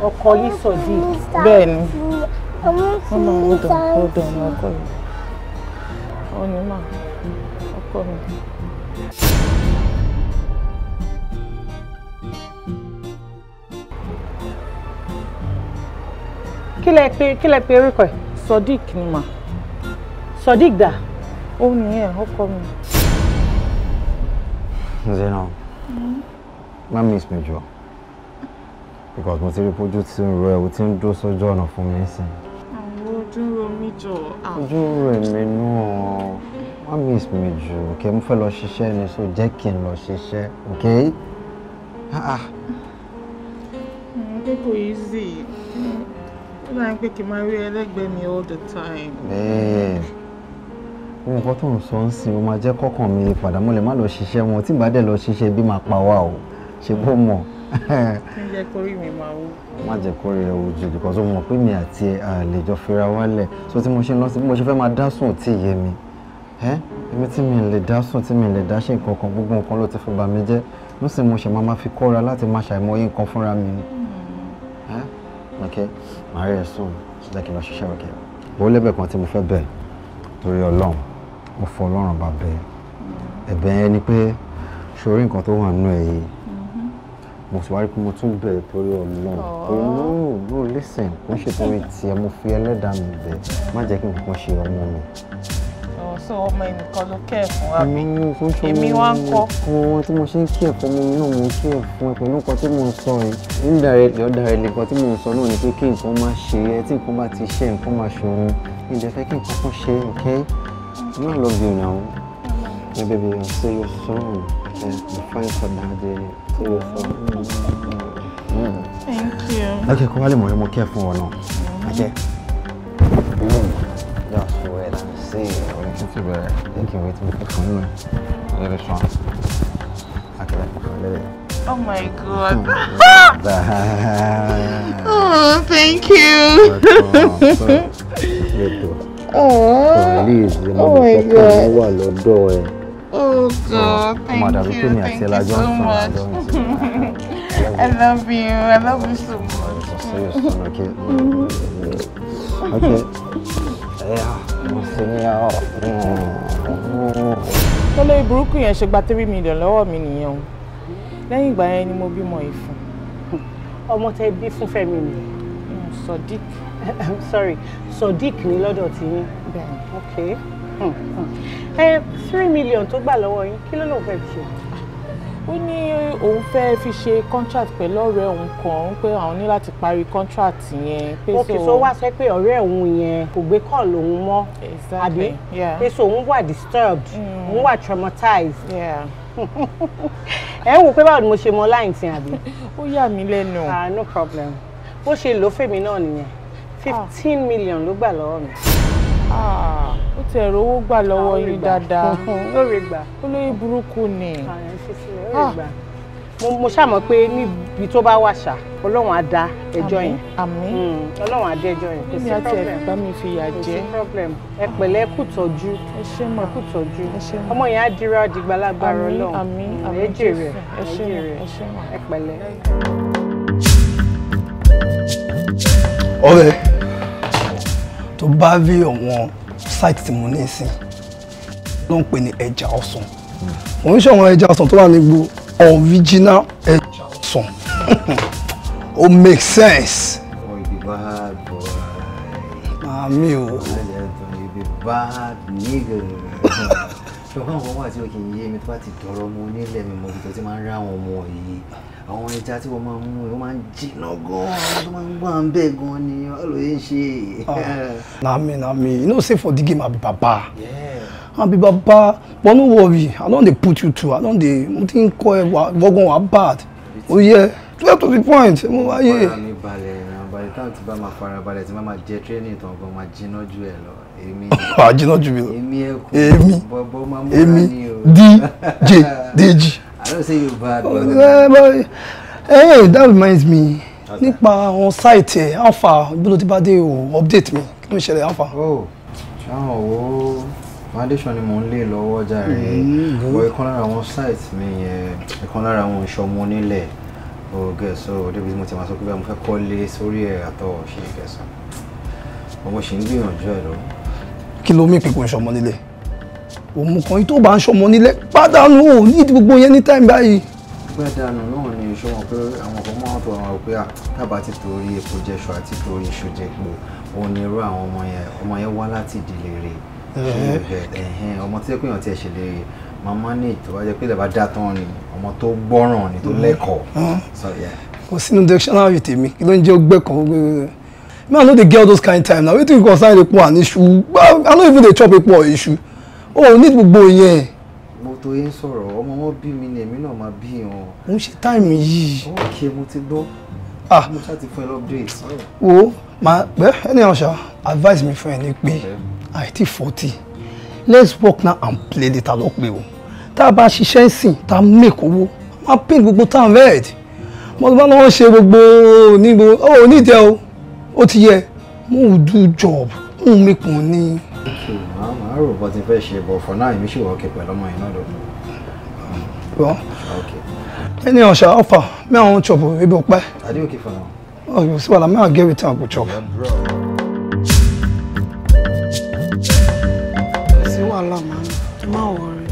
I: ọkọ yín Sodiq. bẹ́ẹ̀ ni wọ́n hold on. Hold on, dùn ọkọ yìí. ó ní mà ọkọ mi. kílẹ̀ pé kílẹ̀ orúkọ ẹ̀. Sodiq ni mà Sodiq dà ó nìyẹn ó kọ́ mi.
F: Zena má miss mi jọ because mo ti rí pójú tí ń ro ẹ o ti ń dó sójú ọ̀nà fún mi sí.
I: àwọn ojú ń ro mí jọ. ojú ń ro èmi
F: náà má miss mi jù òkè mo fẹ́ lọ ṣiṣẹ́ ni so jẹ́ kí n lọ ṣiṣẹ́ ok. Ah, ah.
I: Mm, people easy ó dà ń pé kí n máa rí ẹlẹ́gbẹ̀ẹ́ all the time.
F: bẹ́ẹ̀ ohun nǹkan tó ń sọ ń sìn ó máa jẹ́ kọ́kàn mi padà mo lè má lọ ṣiṣẹ́ wọn tí n bá dẹ̀ lọ ṣiṣẹ́ bí máa pa wá o ṣe bó mọ̀. má
I: jẹ́ kórìí mi máa wú.
F: má jẹ́ kórìí rẹ̀ ojú because ó mọ̀ pé mi àti ẹ̀ à lè jọ fira wálẹ̀ so tí mo ṣe ń lọ sí bí mo ṣe fẹ́ máa dá sùn tí ìyé mi èmi tí mi lè dá sùn tí mi lè dá ṣe nǹkan kan gbogbo nǹkan ló ti fi bà mí jẹ́ nísìnyí mo ṣe máa fi kọ́ra láti máa ṣàìmọye nǹkan fúnra mi ni okay màá rí soon so that kí n lọ ṣiṣẹ́ òkè ó lẹ́bẹ̀ kan tí mo fẹ́ bẹ̀ torí ọlọ́run mo fọ ọlọ́run bá bẹ̀ ẹ̀bẹ̀ yẹn ni pé ṣorí nǹkan tó wà nínú ẹ̀ yìí
G: mm-hmm.
F: mo sì wá rí pé mo tún bẹ̀ torí ọlọ́run torí oh, no no listen mo ṣètò ìtì ẹ mo fi ẹlẹ́dàá mi bẹ̀ má jẹ́ kí nǹkan ṣe ọmọ mi
I: so ọmọ èmi kan ló kẹ́ ẹ̀ fún
F: wa èmi wá ń kọ́. ohun tí mo ṣe ń kí ẹ̀ fún mi náà mo ń kí ẹ̀ fún ẹ pẹ̀lú nǹkan tí mo ń sọ yìí indirectly or directly nǹkan tí mo ń sọ náà ni pé kí nǹkan máa ṣe ẹ tí nǹkan bá ti ṣe nǹkan máa ṣòro ìjẹ́fẹ́ kí nǹkan kan ṣe okay you
G: know I love you now
F: my baby I'm serious sorry I'm fine for that day serious sorry.
G: thank you.
F: lọ́kẹ́ kó wá lè mọ̀ ẹ́ mo kẹ́ fún ọ náà. ajẹ́. Mm-hmm. Mm. That's what Thank you, brother. Thank you. Wait, wait for me. Let it show. Okay, let it.
I: Oh my god. oh,
F: *laughs* oh thank you. oh, oh my god.
I: Oh god,
C: thank
F: you. Thank you so much.
I: *laughs* I love you. I love you so
F: much. Okay. Mm-hmm. Okay. Yeah tọ́lọ́
I: mm. burúkú yẹn ṣe gba three million lọ́wọ́ mi nìyẹn o lẹ́yìn ìgbà yẹn ni mo bímọ ìfún.
A: ọmọ tẹ bí fún Fẹ́mi ni. Mm, Sodiq. *laughs* sorry Sodiq ni lọ́dọ̀ tí yín. bẹ́ẹ̀ni. ok hmm, hmm. three million tó gbà lọ́wọ́ yín kí ló lóun fẹ́ fi ṣe
I: ó ní òun fẹ́ fi ṣe contract pẹ̀lú ọ̀rẹ́ òun kan pé àwọn ní láti parí contract yẹn.
A: ó kì í sọ wá sẹ́
I: pé ọ̀rẹ́ òun yẹn kò gbé kàn lòun mọ́
G: àbí pé
A: òun wà disturbed mm. òun wà traumatized. Yeah *laughs* ẹ ń wò pé báwo ni mo ṣe mọ láì tí àbí. ó yà mí lẹ́nu. ah no problem bó ṣe lò fèmí
I: náà nìyẹn ah. fifteen million ló gbà lọ́wọ́ mi. Ah, ó tẹ̀ rówó gbà lọ́wọ́
A: yín dáadáa ó *laughs* lè
I: gbà ó lè burúkú ni
G: ah,
A: ah. mo ṣàmọ̀ pé níbi tó bá wà ṣá ọlọ́run á dá ẹjọ́ yẹn àmín hmm, ọlọ́run á dá ẹjọ́ yẹn kò sí problem bá mi fi yà jẹ kò sí problem ẹ pẹ̀lẹ́ kù tọ́jú ẹ kù tọ́jú ọmọ yẹn á dira dìgbà lágbára ọlọ́run àmín àmín ẹ jèrè
I: ẹ jèrè ẹ pẹ̀lẹ́.
H: ọ̀rẹ́ bá rí àwọn site tí mo ní ìsìn ló ń pè ní ẹja ọsàn mo ń ṣe àwọn ẹja ọsàn tó wà ní gbogbo original ẹja ọsàn *laughs* ó make sense.
F: Oh, Mami o. Bad nigga. *laughs* ṣùgbọ́n àwọn wà tí ó kì í yé mi tó bá ti dọ̀rọ̀ mo nílẹ̀ mi mo fi tó ti máa ń rá àwọn ọmọ yìí àwọn ẹja tí wọ́n máa ń mú wọ́n máa ń jìnà gan-an tó máa ń gbà ń bẹ̀ gan-an
H: ni olóyè ń ṣe. Nami ah, Nami you know say for the game I be baba I be baba but no worry I don dey put you through I don dey mo ti ń kọ́ ẹ wọ́gán wa bad oyè twelve oh, to the point mo wáyé. fara mi
F: balẹ̀ ìrìn àbáyé táwọn ti bá máa fara balẹ̀ tí máa máa jẹ tírénì tán gan máa jiná ju ẹ lọ àjìnà jù mí lọ èmi *laughs* èmi dj deji.
H: ẹ *laughs* oh, eh, that reminds me nípa àwọn sáìtì ẹ eh, alpha ibi ló ti bá dé o update mi kí ló ń ṣẹlẹ̀ alpha. Oh, ṣáà wo
F: foundation ni mo ń lè lọ́wọ́ jàre wọ mm, ìkan lára àwọn site mi yẹn eh, ìkan lára àwọn ìṣọmọ onílẹ̀ oge oh, so débi mo ti máa sọ pé mo fẹ́ kọ́lé sórí ẹ̀ àtọ̀ ṣe ìkẹsàn mo ṣì ń gbìyànjú ẹ̀ lọ́wọ́
H: kí ló mí pípọ̀ ìṣọmọ nílé òun kan tó bá ń ṣọmọ nílé pàdánù ò ní gbogbo yẹn ní time báyìí.
F: pàdánù náà ni ìṣọmọ pé àwọn ọmọ máa ń tọrọ àwọn pé dábàá ti torí epo jẹṣọ àti torí iṣu jẹpo òun ni irú àwọn ọmọ yẹn ọmọ yẹn wá láti ìdílé rẹ̀ ọmọ tí ẹkùn yàn ti ẹ ṣe lè màmá ní tó bá jẹ́ pé lẹba dá tán ni ọmọ tó
H: gbọ́ràn ni tó lẹ́kọ̀ọ́. kò sínú dictionary tèmi kí ló ń jẹ́ ọgbẹ́ kan gbẹ́gbẹ́ man no dey get all those kind time na wetin you concern epo and issue. i no even dey chop epo or iṣu oh, need gbogbo yẹn.
F: mo tó yín sọ̀rọ̀ ọmọ wọn bí mi ni èmi náà máa bí wọn. mo ń
H: ṣe táìmù yìí.
F: ok mo ti gbọ́ ah mo ṣáà ti fún ẹ lọ́pdate.
H: wo ma pẹ ẹni ọ̀ṣà advice mi fún ẹ ni pé àìtí forty let's work now and play later lọ́pẹ́ o tá a bá ṣiṣẹ́ ń sìn tá a make owó máa pín gbogbo town red mo ti bá lọ́wọ́ ṣe gbogbo ní gbogbo ó oh, ní ìdẹ́ ó ti yẹ mo ò do job mo ò mekùn ní.
F: màá màá rò bó ti fẹ́ ṣe bọ̀ for now èmi ṣì wọ́n kí pẹ̀lú ọmọ yìí náà lọ́dún.
H: wọ́n ẹni ọ̀ṣà ọ̀fà mẹ́wàá ń chọ̀bù ebi ọ̀pẹ́. àdéhùn kí fọlọ́. ọ̀yọ̀ sí wàhálà mẹ́wàá gẹ́rì tí a kò chọ̀bù.
E: sí wàhálà máa ń má wọrí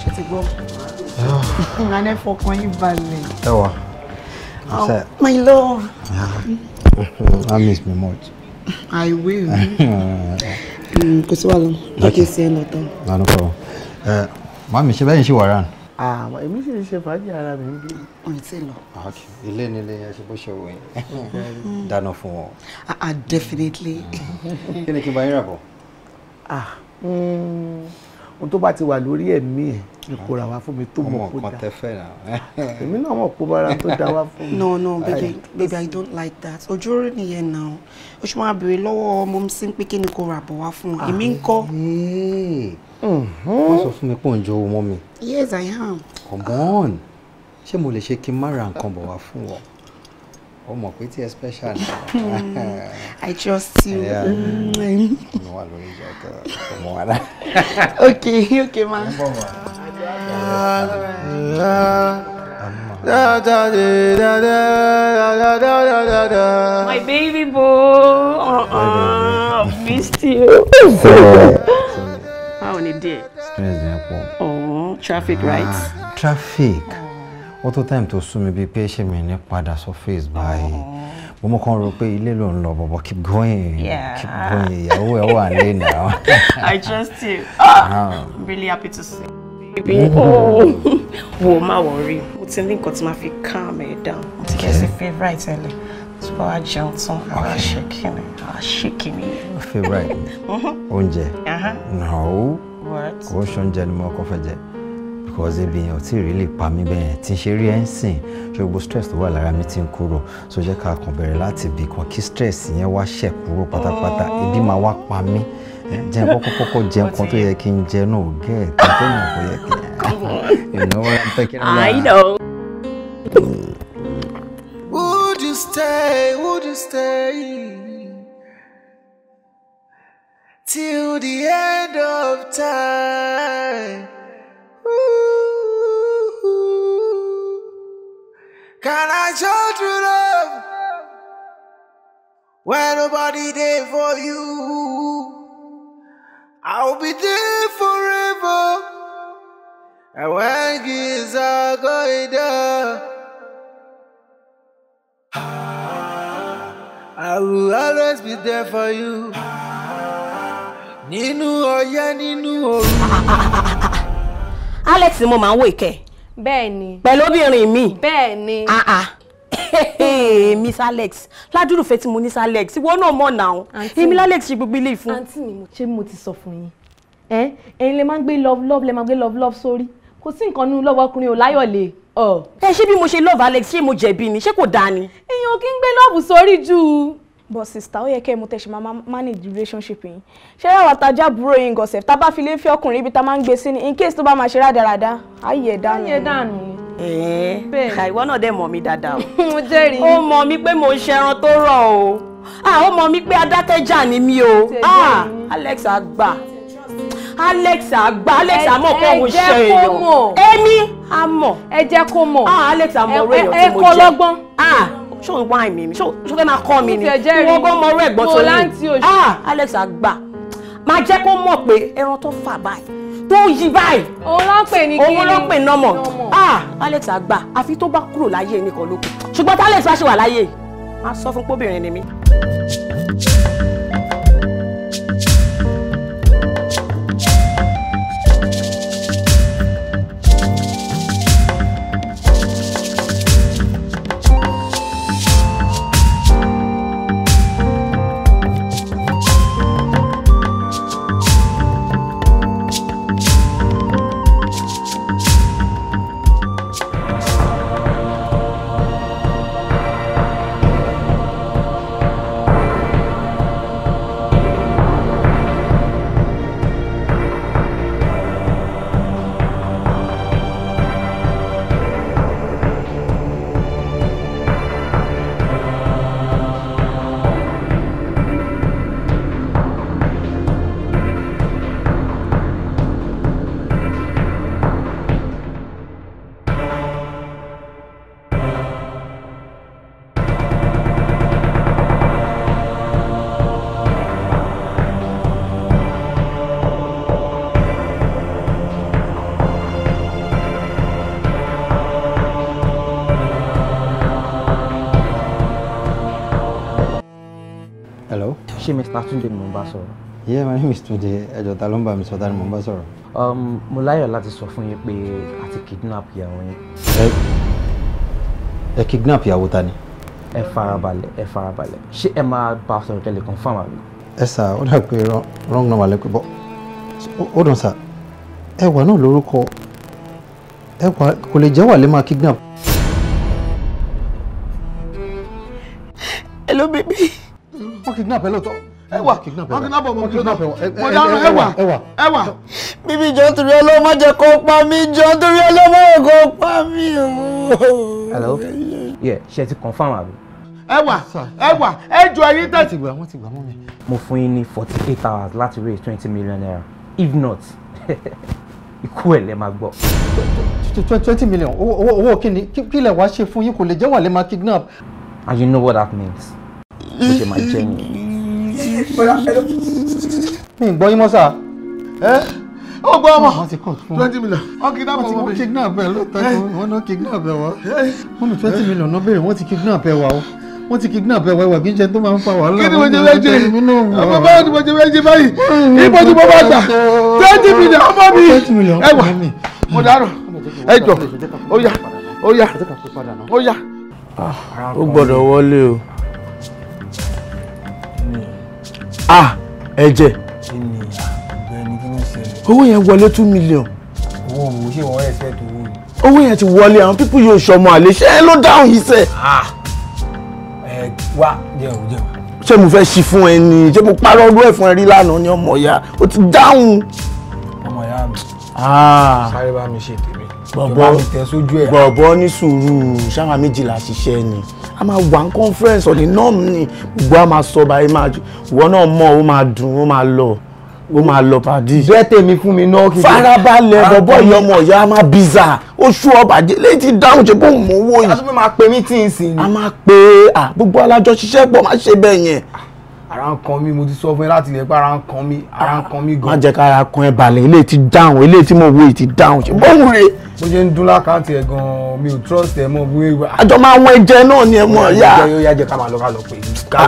C: ṣe ti gbọ́.
G: Ah.
E: ìfúnra náà fọkàn yín balẹ̀.
F: ẹ wà. Ah,
E: my love. Yeah.
F: I miss me much. I will. *laughs*
E: Mm, kò sí wàhálà,
F: lókè sí ẹnu No Lánàá kọ́, màmí ṣe bẹ́yìn ṣì wà rán. Àwọn ah, èmi sì ń ṣe fàájì ara mi bí. Wọ́n ti lọ. Ah, ilé ni ilé yẹn ṣe bó ṣe wò yín. *laughs* *laughs* Dáná fún
E: ah, ah definitely. Mm. Kí
F: ni kí n bá yín rà bọ̀?
E: Ah, mm,
B: ohun tó bá ti wà lórí ẹ̀mí ẹ̀ ní ra wá fún mi tó mọ̀ kó da ọmọ kan tẹ
F: fẹ́ *laughs* ra. èmi da wá fún mi. no no baby
E: baby i don't like that ojú ni nìyẹn now. o ṣe máa béèrè lọ́wọ́ mo ń sin pé kí ni kò rà bọ̀ wá fún wa èmi ń kọ́.
F: wọ́n sọ fún mi pé ò ń jọ mi.
E: yes i am.
F: come on ṣé mo lè ṣe kí n má ra nǹkan bọ̀ wá fún wọn o mọ̀ pé tí ẹ special *laughs* I trust you. No, mm. wa lórí ìjọ tó ọmọ wa
C: *laughs* okay okay ma. My
D: baby boy, uh-uh, I've missed you. How ni dé? Stress yẹn pọ̀. Oh, traffic ah, right?
F: Traffic. Auto time to sú mi bíi pé ṣé mi ní padà surface báyìí. Oh. Mo mọ̀ kàn rò pé ilé ló ń keep going. Yeah. Keep going. Yeah. ẹ̀ wà lé now.
G: *laughs*
I: I trust you. Oh, ah. I'm really happy to see Baby, oh, *laughs* wo
A: má worry. Mo ti ní nǹkan tí máa fi calm ẹ down. Mo ti kẹ́sì favourite ẹ lè. Tí wọ́n á jẹun tán, àwọn aṣèkìní, àwọn aṣèkìní.
F: Favourite oúnjẹ?
A: Uh-huh. No.
G: What? Kò
F: ó ṣoúnjẹ ni mo kọ́ fẹ́ because ebi yẹn ò tí ì rí lè pa mí bẹ́ẹ̀ tí n ṣe rí ẹ̀ ń sìn stress tó wà lára mi ti ń so jẹ́ ká kàn bẹ̀rẹ̀ láti ibì kan kí stress yẹn wá ṣẹ̀ kúrò pátápátá oh. ebi máa wá pa mí. Mm. yẹ gẹ kò yẹ you know what I'm about. I
G: know.
C: Would you stay? Would you stay till the end of time? Ooh, can I show true love when nobody there for you? I'll be there forever. And when kids are going down, I will always be there for you. Nínú
D: ọyẹ́ nínú ooru. Alex ni mo máa ń wò ìkẹ́. Bẹ́ẹ̀ni. Pẹ̀lú obìnrin mi. Bẹ́ẹ̀ni. Ah ah miss alex ládùrùfẹ́ tí mo ní salex ìwọ náà mọ̀ náà èmi lalex ṣe gbogbo ilé ìfún. àǹtí mi ṣé mo ti sọ fún yín ẹ̀yin lè máa ń gbé love love lè máa gbé love love sórí kò sí nǹkan nínú love ọkùnrin ò láyọ̀ lè. ẹ ṣé bí mo ṣe love alex ṣé mo jẹ̀bi ni ṣé kò dáa ni. èèyàn kì í gbé love sórí ju. but sister ó yẹ kẹ́ ẹ mo tẹ̀sí máa manage relationship yín ṣé yàrá tajà búrò yín gọ̀sẹ̀ tá a bá fi lè fi ọkùnrin ibi tá a máa ń gbé sí ni in case tó bá máa ṣe rádaràda á yẹ dànù. á yẹ dànù ni ẹ̀ẹ́n ìwọ náà dẹ̀ mọ̀ mi dáadáa o *laughs* mo jẹ́rìí ó mọ̀ mi pé mo ṣẹran tó rọ̀ o ó mọ̀ mi pé adákẹ́jà ni mi o Alex àgbà Alex àgbà Alex àmọ̀ kọ́ òun ṣe èèyàn èmi àmọ̀ ẹ jẹ́ kó mọ̀ Alex àmọ̀ ọ̀rọ̀ èèyàn tí mo jẹ́ ẹ kọ́ lọ́gbọ́n ṣó ń wá mi ni ṣó fẹ́ máa kọ́ mi ni ìwọ gan mọ ọ̀rọ̀ ẹ̀gbọ́n tó ní Alex àgbà máa jẹ́ kó mọ̀ pé ẹran tó fà báyìí tó yí báyìí. òun ló pè ní kíni nọmọ ah
A: alex àgbà àfi tó bá kúrò láyé nìkan ló kù ṣùgbọ́n tí alex bá ṣe wà láyé yìí máa sọ fún pé ni mí.
F: ṣé Mr. Túndé ni mo bá sọ̀rọ̀. yeah my name is Túndé ẹjọ ta ló ń bá mi sọ ta ni mo bá sọ̀rọ̀.
A: Um, mo láyọ̀ láti sọ fún yín pé a ti kidnap ìyàwó yín.
F: ẹ ẹ kidnap ìyàwó ta ni. ẹ
A: farabalẹ̀ ẹ farabalẹ̀
J: ṣé ẹ máa bá a sọ̀rọ̀ tẹ́lẹ̀ confirm àbí.
F: ẹ sà ó dà pé wrong number lẹ́pẹ́ bọ́ ó dùn sà ẹwà náà lórúkọ ẹwà kò lè jẹ́ wà lè máa kidnap. hello
B: baby wọ́n kidnap ẹ lóòótọ́ ẹwà wọ́n kidnap ọmọ mi lóòótọ́
C: mo dáná ẹwà
E: ẹwà. bíbí jọ torí ọlọ́mọ jẹ kó pa mí jọ torí ọlọ́mọ jẹ kó pa
B: mí o.
A: hello yeah ṣe ti confam àbí.
B: ẹwà ẹwà ẹjọ ẹyin tẹsí. wọ́n ti gbà mọ́ mi.
A: mo fún yín ní forty eight hours láti raise twenty million naira if not *laughs* ikú ẹ̀ lẹ́ máa gbọ́. twenty million
F: owó owó kí ni kí lè wá ṣe fún yín kò lè jẹ́ wà lè máa kidnap. and you know what that means
H: bó ṣe máa jẹ́ nìyẹn. mi ì gbọ́ yín mọ́ sà. ó gbọ́ ọmọ twenty million. wọ́n kidnap ọmọ mi. wọ́n kidnap ẹ̀ lọ́tọ̀
C: wọn
F: náà kidnap ẹ̀ wá. wọ́n ní twenty million náà béèrè wọ́n ti kidnap ẹ̀ wá o wọ́n ti kidnap ẹ̀ wá ìwà kí n ṣe tó máa ń fa wàhálà. kí ni mo jẹ fẹ́ jẹ àmọ́ báwo
B: ni mo jẹ fẹ́ jẹ báyìí hmm, ibo ni mo bá gbà twenty million ọmọ mi ẹ wà mo dárò ẹ jọ ó yá ó yá ó yá. Ah, ó gbọ́dọ̀ wọlé o. ah ẹ̀jẹ̀. kí ni ọ̀gbẹ́ni kí ló ń ṣẹlẹ̀. owó yẹn wọlé two million. owó mo ṣe wọ́n ẹ̀ṣẹ̀ tó wù. owó yẹn ti wọlé àwọn pípù yóò ṣọmọ àlè ṣé ẹ ló dáhùn yìí sẹ.
G: Ah, ẹ wá jẹun jẹun.
B: ṣé mo fẹ́ ṣi fún ẹ ni ṣé mo parọ́ ọdún ẹ̀ fún ẹ rí lánàá ni ọmọ ìyá o ti dáhùn. ọmọ ìyá mi ah. sáré bá mi ṣe tèmi bọ̀bọ̀ bọ̀bọ̀ ní sùúrù ṣáwa méjìlá ṣiṣẹ́ ni a máa wà ní conference ọ̀nì náà ni gbogbo a máa sọ báyìí máa ìwọ náà mọ̀ ó máa dùn ó máa lọ ó máa lọ pàdé. bẹ́ẹ̀ tèmi fún mi náà kí n. farabalẹ̀ bọ̀bọ̀ yìí ọmọ ìyá a máa bíza oṣù ọbàjẹ́ lẹ́yìn tí dáhùn ṣe bóun mọ̀ owó yìí. a máa pe mítìǹsì. a máa pe gbogbo alájọṣiṣẹ́ pọ̀ máa
H: ṣe bẹ́ẹ̀ yẹn ara ń kan mí mo ti sọ fún ẹ láti ilẹ̀ pé ara ń kan mí ara ń kan mí gan. má
B: jẹ́ ká ara kan ẹ balẹ̀ ilé ti dáhùn ilé tí mo wo yìí ti dáhùn ṣe bóun
H: re. mo ṣe ń dún lákàntì ẹ gan mi ò trust ẹ mọ bí wíwá. àjọ máa ń wọ ẹ̀jẹ̀ náà ni ẹ mọ ya. ẹ̀jẹ̀ yóò jẹ ká máa lọ ká lọ pé.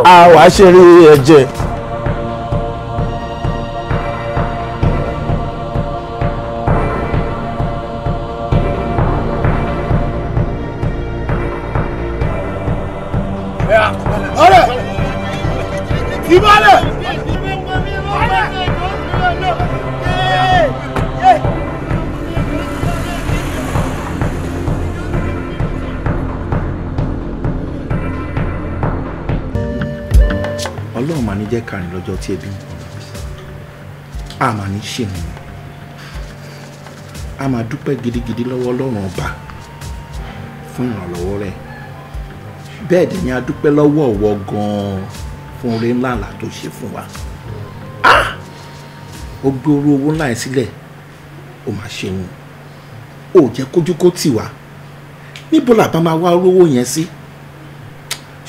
J: a wàá ṣeré ẹ̀jẹ̀.
B: tí ẹbí ń bọ̀ lọ́bí a máa ní ṣèmi a máa dúpẹ́ gidigidi lọ́wọ́ ọlọ́run ọba fún ìrànlọ́wọ́ rẹ̀ bẹ́ẹ̀ dẹ̀ ni a dúpẹ́ lọ́wọ́ ọ̀wọ́ gan-an fún oore ńlá ńlá tó ṣe fún wa ó gbé orú owó ńlá yẹn sílẹ̀ ó máa ṣeun ó jẹ́ kójú tì wá níbo làbá máa wá orú owó yẹn sí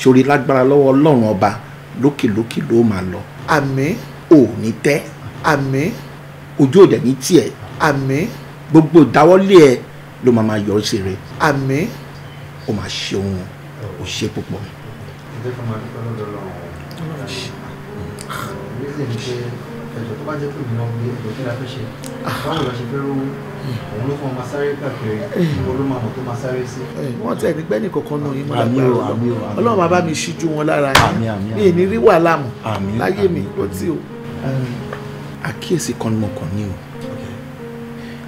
B: sórí lágbára lọ́wọ́ ọlọ́run ọba lókèlókè ló máa lọ àmín ò ní tẹ́ àmín ojú òde ní tiẹ̀ àmín gbogbo ìdáwọ́lé ẹ ló máa máa yọ ọ́ sí rẹ àmín ó máa ṣeun ó ṣe púpọ̀.
F: ẹgbẹ́ kan máa dúpẹ́ lọ́dọ̀ lọ́wọ́ ọ̀hún. ẹ̀jọ̀ tó bá jẹ́ pé mi náà gbé ẹ̀jọ̀ kí la fẹ́ ṣe báwo la ṣe fẹ́ rówó òun ló fún káàkiri ìwọ ló tó máa sí. Eh, wọ́n
B: tẹ̀ ní gbẹ́ni kankan náà yín máa gbàrú lọ ọlọ́run bàbá mi ṣíjú wọn lára yín mi ì ní rí wàhálà mọ̀ láyé mi ó ti o. àkíyèsí kan ni mo kàn ní o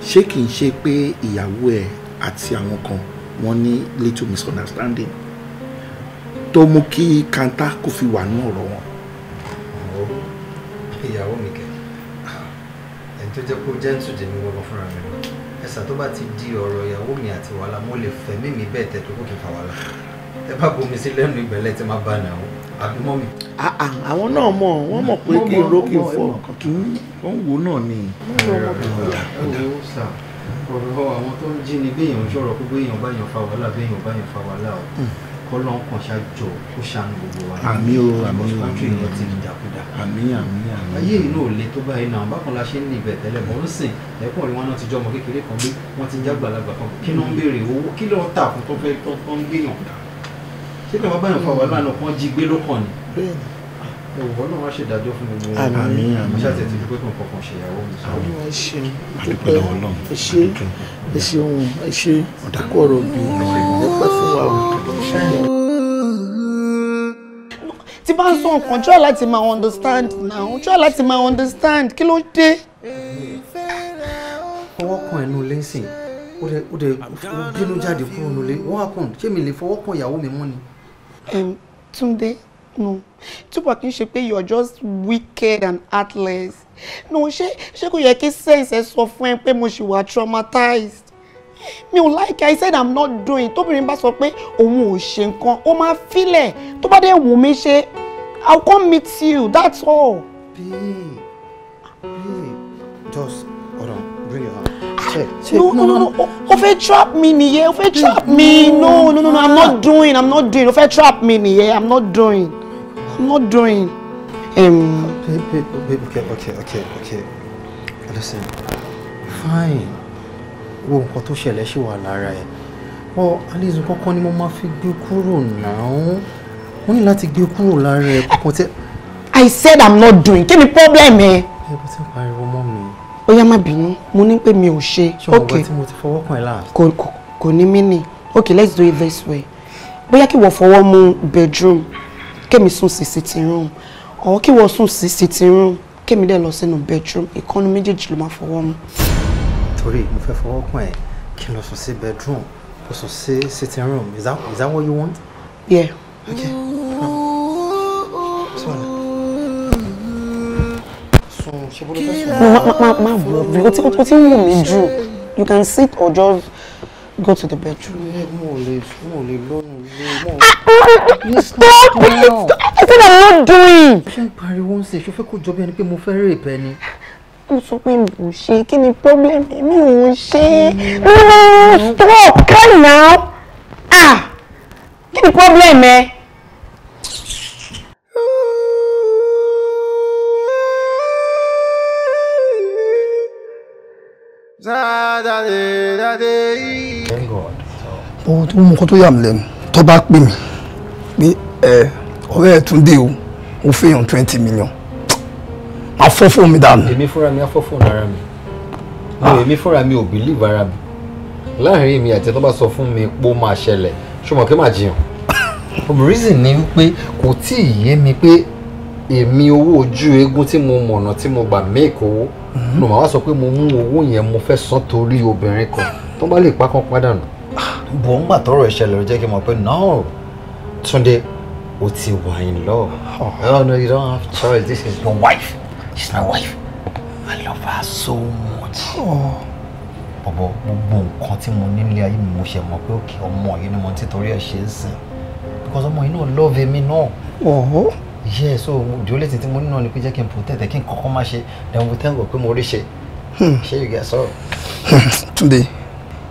B: ṣé kì í ṣe pé ìyàwó ẹ àti àwọn kan wọn ní little misunderstanding tó mú kí kanta kò fi wà ní ọ̀rọ̀ wọn.
F: ìyàwó mi kẹ ẹni tó jẹ́ kó jẹ́ ń tún jẹ́ mi wọ́n lọ fúnra mi sà tó bá ti di ọ̀rọ̀ ìyàwó mi àti wàhálà mo lè fẹ̀mí mi bẹ́ẹ̀ tẹ̀ tó kò kí n fa wàhálà ẹ bá bomi sí lẹ́nu ìgbẹ́lẹ̀ tí máa bá nà àbí mọ́ mi. Ah, ah, àwọn náà mọ̀ wọ́n mọ̀ pé kí n ró kí n fọ kí n wò náà ni. ọ̀rọ̀ àwọn tó ń jí ni bí èèyàn ń ṣọ̀rọ̀ pé bí èèyàn bá èèyàn fa wàhálà bí èèyàn bá èèyàn fa wàhálà o. Hmm kọ́lọ́ kan ṣáájọ kó ṣàánú gbogbo wa. àmì o àmì o àmì o àmì o àmì àmì àmì. ayé inú ò le tó báyìí náà bákan la ṣe ń ní ibẹ̀ tẹ́lẹ̀ mọ́ ń sìn ẹ̀kún rí wọn náà ti jọ ọmọ kékeré kan gbé wọ́n ti ń já gbàlagbà kan kí ló ń béèrè owó kí ló ń tà fún tó fẹ́ tó ń gbéyàn. ṣé kí wọ́n bá yàn fa wàhálà náà kán jí gbé lókàn ni. bẹ́ẹ̀ni òwò náà wá ṣèdájọ́ fún mi. àmín àmín ṣáà tètè pé kàn kọkàn ṣèyàwó mi. àwọn ẹ ṣe dúpẹ́
C: ẹ ṣe ẹ ṣe ohun ẹ ṣe kókó ọ̀rọ̀ bí
G: ẹ pẹ́ fún wa o.
E: tí bá ń sọ nǹkan try láti máa understand now try láti máa understand kí ló dé.
F: ọwọ́ kan ẹnu lẹ́sìn ó dẹ ó dẹ bínú jáde kúrò nílé what happened ṣé mi lè fọwọ́ kan ìyàwó mi mú ni.
E: Túndé no Tupac kì í ṣe pé you are just wicked and heartless no ṣé ṣé kò yẹ kí sense ẹ sọ fún ẹ pé mo ṣì wà traumatized mi ò like i said i'm not doing tóbìnrin bá sọ pé òun ò ṣe nǹkan ó máa filẹ̀ tó bá dé wù mí ṣe i'll come meet you that's all.
C: babe
F: babe just hold on bring your hand. Ah, check, check. No, no, no, no.
E: no. trap me nìyẹn. O fẹ́ trap me. No, no, no, no. I'm not ah. doing. I'm not doing. O trap me nìyẹn. I'm not doing not doing.
F: Um, babe, babe, okay, okay, okay, okay. Listen, fine. Wo nǹkan to ṣẹlẹ̀ ṣì wà lára ẹ̀. Bọ́ Alizu kọ́kọ́ ni mo máa fi gbé kúrò náà. Mo ní láti gbé kúrò lára ẹ̀ kọ́kọ́ tẹ́. I said I'm not doing. Kí problem ẹ? Ẹ bó ti pariwo mọ́ mi.
E: Ó yá má bínú, mo ní pé mi ò ṣe. Ṣé o gbọ́ tí
F: mo ti fọwọ́ kàn ẹ́
E: láà? Kò ní mí nì. Okay, let's do it this way. Bóyá kí wọ́n fọwọ́ mú bedroom kémi sùn sí sitting room ọ̀hún kí wọ́n sùn sí sitting room kémi dẹ̀ lọ sínú bedroom ìkọ́nu méjèèjì ló máa fọwọ́ mu.
F: torí mo fẹ́ fọwọ́ kàn ẹ́ kí n lọ sùn sí bedroom kó sùn sí sitting room is that, is that what you want? yeah. okay.
H: Ma ma ma ma bro, because o ti ń wù mí jù,
E: you can sit or just Go to the bedroom.
F: Stop! Stop! I said I'm not doing. Ṣé ń pariwo ń sè ṣe fẹ́ kó jọ bí ẹni pé mo fẹ́ rè pẹ́ ni?
G: Mo sọ pé
E: mo ṣe kí ni problem Me ò ṣe. No stop come now. Ah! Kí ni problem ẹ?
C: Da da da da da
H: ohun tó mú kó tó yà mí lẹ́nu tó bá pè mí pé ẹ ọ̀rẹ́ ẹ̀ tún dé o mo fẹ́yàn twenty million máa fọ́ fóun mi dànù. èmi fúnra mi á fọ́ fóun ara
F: mi mo ah. èmi fúnra mi ò bìlíìfù ara mi láàrin èmi àti tó bá sọ fún mi pé ó máa ṣẹlẹ̀ ṣùgbọ́n kí máa jiyàn reason ni wípé kò tí ì yé mi pé èmi owó ojú eégún tí mo mọ̀nà tí mo gbà make owó mm-hmm. ló máa wá sọ pé mo mú owó yẹn mo fẹ́ san torí obìnrin kan tó bá lè pa kan pàdánù bọ́ńgbà tọrọ ẹ̀ ṣẹlẹ̀ jẹ́ kí n mọ̀ pé no Túndé o ti wà in love. Oh. oh. no, you don't have choice. This is your wife. She's my wife. I love her so much. Oh. Bọ̀bọ̀ gbogbo nǹkan tí mo nílé ayé mi mo ṣe mọ̀ pé òkè ọmọ yìí ni mo ti torí ẹ̀ ṣe ń sìn. Because ọmọ yìí náà love me, náà. Ọ̀hún. Oh. Yẹ́ so ìdíwọ́lé tí mo ní náà ni pé jẹ́ kí n protect ẹ̀ kí n kọ́kọ́ má ṣe then we thank God pé mo rí ṣe.
H: Hmm. Ṣé you get sorrow? Hmm. Túndé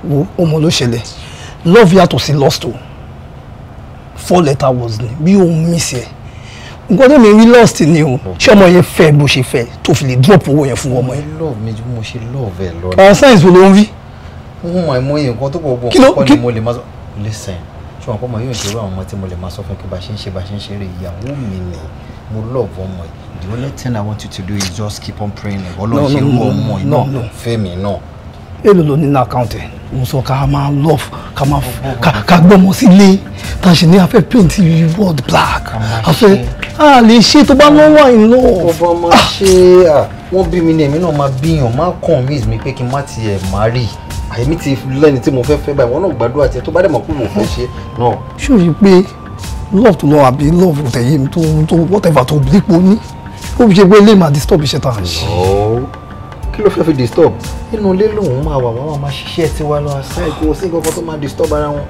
H: wo ọmọ ló ṣẹlẹ̀ love yàtọ̀ sí lost o four letter words ni bí òun miss ẹ nǹkan tó mi rí lost ni o mm. ṣé ọmọ yẹn fẹ́ bó ṣe fẹ́ tó fi lè drop owó yẹn fún ọmọ yẹn. love mi
F: mo ṣe love ẹ lọ. ọ̀rọ̀ science wo ló ń rí. wọ́n mọ̀ ẹ́ mọ iye nǹkan tó pọ̀ bọ̀ kọ́ ni mo lè máa sọ listen ṣé wọn kọ́ mọ yóò ṣe irú àwọn ọmọ tí mo lè máa sọ fún kí bá ṣe ń ṣe bá ṣe ń ṣe eré ìyàwó mi ni mo love ọmọ yìí the only thing i want you to do is just keep on praying ọlọ́run ṣe irú ọmọ yìí náà
H: fẹ́mi náà. èlò ló ní ní àkáǹtì mo sọ ká máa love ká máa ká gbọ́mọ sílé tá a ṣe ní afẹ́ paint world black afẹ́ a lè ṣe tó bá lọ́wọ́ in love. ọba ah! máa ṣe à wọ́n bí mi ní èmi náà máa bíyàn máa convince mi pé kí n má
F: tiẹ̀ má rí àyèmí ti lẹ́ni tí mo fẹ́ fẹ́ báyìí wọ́n náà gbàdúrà tiẹ̀ tó bá dẹ̀ mọ̀ pé mo fẹ́ ṣe
H: náà. ṣòrí pé love tó lọ àbí love tẹ̀yìn tó whatever tó bí pọ̀ ní ó fi ṣe pé lè máa disturb iṣẹ́ tá a ṣe kí ló
F: fẹ́ fi disturb inú ilé lòun máa wà wọ́n máa ṣiṣẹ́ tiwa lọ aside kò sí nǹkan kan tó máa disturb ara wọn.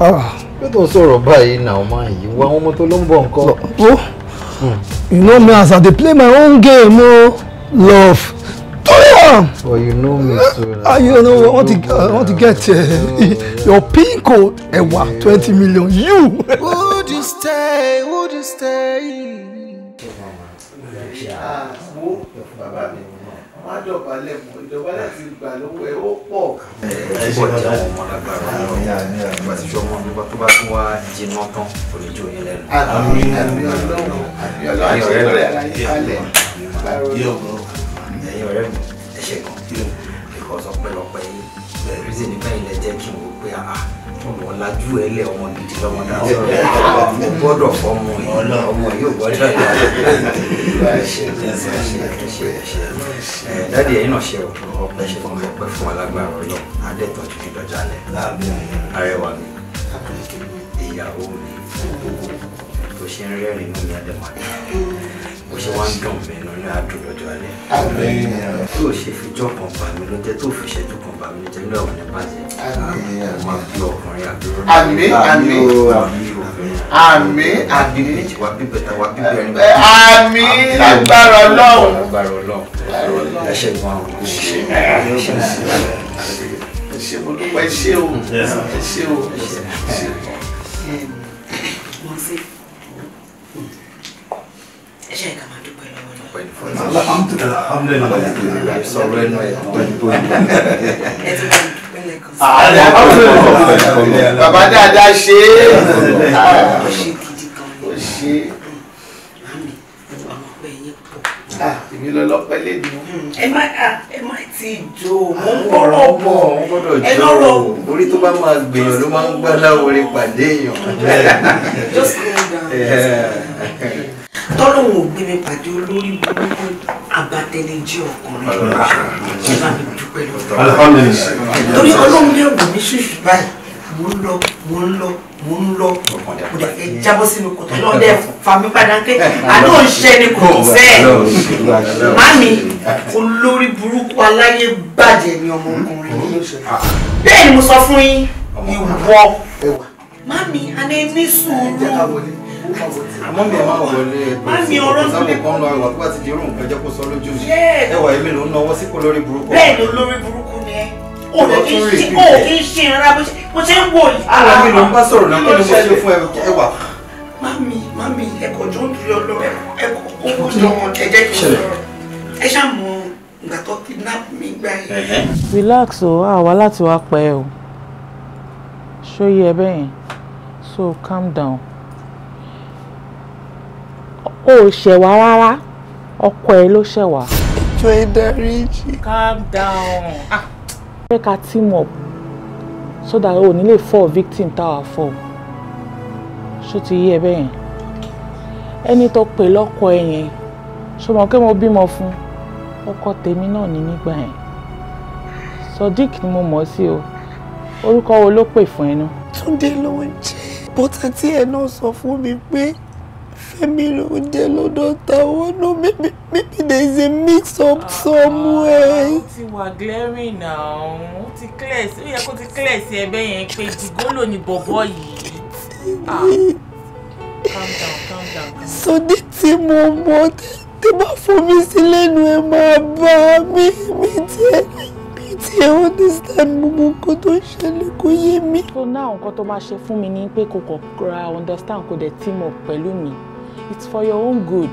F: Ah. bí tó ń sọ̀rọ̀ báyìí náà máa yí wá àwọn ọmọ tó ló ń bọ̀ nǹkan. Hmm.
H: you know me as i dey play my own game o oh, love do am.
F: but you know me so
H: ah you know want to want to get eh, your pin code ẹ̀wà twenty million you.
C: would you stay would you stay wo bàbá mi má dọ̀bálẹ̀ mọ́ ìdọ̀bálẹ̀ ti gbà lọ́wọ́ ẹ̀ ó pọ̀. ẹ rí sí
F: nígbà yìí lẹ jẹ́ kí n wò pé àá ọmọ lajú ẹ lẹ ọmọ gidi lọmọ náà ọmọ gbọ́dọ̀ fọmọ yìí ọmọ yóò gbọ́dọ̀ yà ẹ dáàdi ẹ̀yin náà ṣe ọpẹ́ ṣe fún ọpẹ́ fún alágbára Ọlọ́run adẹtọjú ní dọjà lẹ arẹwà mi ìyàwó mi gbogbo bó ṣe ń rẹ́rìn inú mi á dẹ̀ máa ṣe wá ń dùn mí inú mi á dùn tí o ṣe fìjọ́ kan bà mí ló jẹ́ tó fi ṣẹ́jú kan bà mí ló jẹ́ ní ọ̀hún ní bàjẹ́. máa fi ọkùnrin àbúrò náà àmì àmì àmì àmì méjì wá bíbẹ̀ tá wá
B: bíbẹ̀ rìn. àmì lágbára ọlọ́run. lágbára ọlọ́run. ẹ ṣe gan àwọn ọmọ ṣe ẹ ṣe ṣe mo dúpẹ́ ṣé o ṣé o ṣé o. ẹ ṣe ká máa dúpẹ́ lọ́wọ́ lọ́wọ́.
E: èmi lọ lọ́pẹ́ lẹ́nu. Hmm, ẹ má ẹ má
B: ti jò mo ń
F: bọ̀rọ̀ bọ̀ ẹ lọ́rọ̀. orí tó bá máa gbèyàn ló máa ń gbá láwọn orin pàdé èèyàn. just calm tọ́lọ́hún ò gbé mi pàdé olórí burúkú abatẹnijẹ́ ọkùnrin ṣe bá mi dúpẹ́ lọ́wọ́ torí ọlọ́run ní ọ̀gbìn mi ṣùṣù báyìí mo ń lọ mo
E: ń lọ mo ń lọ mo dẹ̀ fẹ́ jábọ́ sínú kòtò lọ́dẹ̀ fami padà àná ò ń ṣe ni kò fẹ́ mami olórí burúkú aláyé bàjẹ́ ni ọmọkùnrin bẹ́ẹ̀ ni mo sọ fún yín ìwọ mami àná ẹni sùúrù
F: àmọ́ mi ẹ̀ máa wọlé pẹ̀lú ọ̀rọ̀ sábò kan lọ àwọn tó bá ti di irun nǹkan jẹ́ kó sọ lójú mi ẹwà èmi ló ń náwó sípò lórí burúkú. bẹ́ẹ̀
E: ló lórí burúkú ni ẹ o ò kí ń ṣe ìrora bó ṣe ń wò yìí. àwọn àmì ló
B: ń bá sọ̀rọ̀ náà kí ni mo ṣe fún ẹwà.
E: mami mami ẹkọ
B: jọ ń dúró lọ ẹkọ owó jọ wọn ẹ jẹ́ kí n sọ̀rọ̀
E: ẹ ṣàmù ìgbà tó kidnap mi gbà
G: yìí.
I: relax o àwa láti wá pẹ́ o ṣó yẹ bẹ́yẹn so calm down o ò ṣẹ̀wá rárá ọkọ ẹ ló ṣẹ̀wá.
E: ìjọ ìdáríjì. calm
I: down. ṣé ah. ká team up so that o ò ní lè fall victim táwa fall ṣó ti yí ẹ bẹ́ẹ̀ yẹn ẹni tó pè lọ́kọ ẹ yẹn ṣó mọ̀ pé mo bímọ fún ọkọ tèmi náà ní nígbà yẹn Sodiq ni mo mọ̀ sí o orúkọ wo ló pè fún ẹ náà.
E: Túndé ló ń jẹ́ bọ́tà tí ẹ náà sọ fún mi pé Femi lóúnjẹ lọ́dọ̀ táwọn no maybe maybe there a mix up uh, somewhere. ó
I: ti wà glaring now ó ti clear sí ó yẹ class ti clear sí ẹ̀bẹ̀ yẹn pé jìgólò ni bọ̀bọ̀ yìí.
E: Ah, calm down calm down. sọdí tí mo mọ tí bá fún mi sí lẹ́nu ẹ̀ máa bá mi mi
I: tiẹ̀ mi tiẹ̀ understand gbogbo nǹkan tó ṣẹlẹ̀ kò yé mi. so now nǹkan tó máa ṣe fún mi ni pé kò kọ̀ ra understand kò dẹ̀ team up pẹ̀lú mi it's for your own good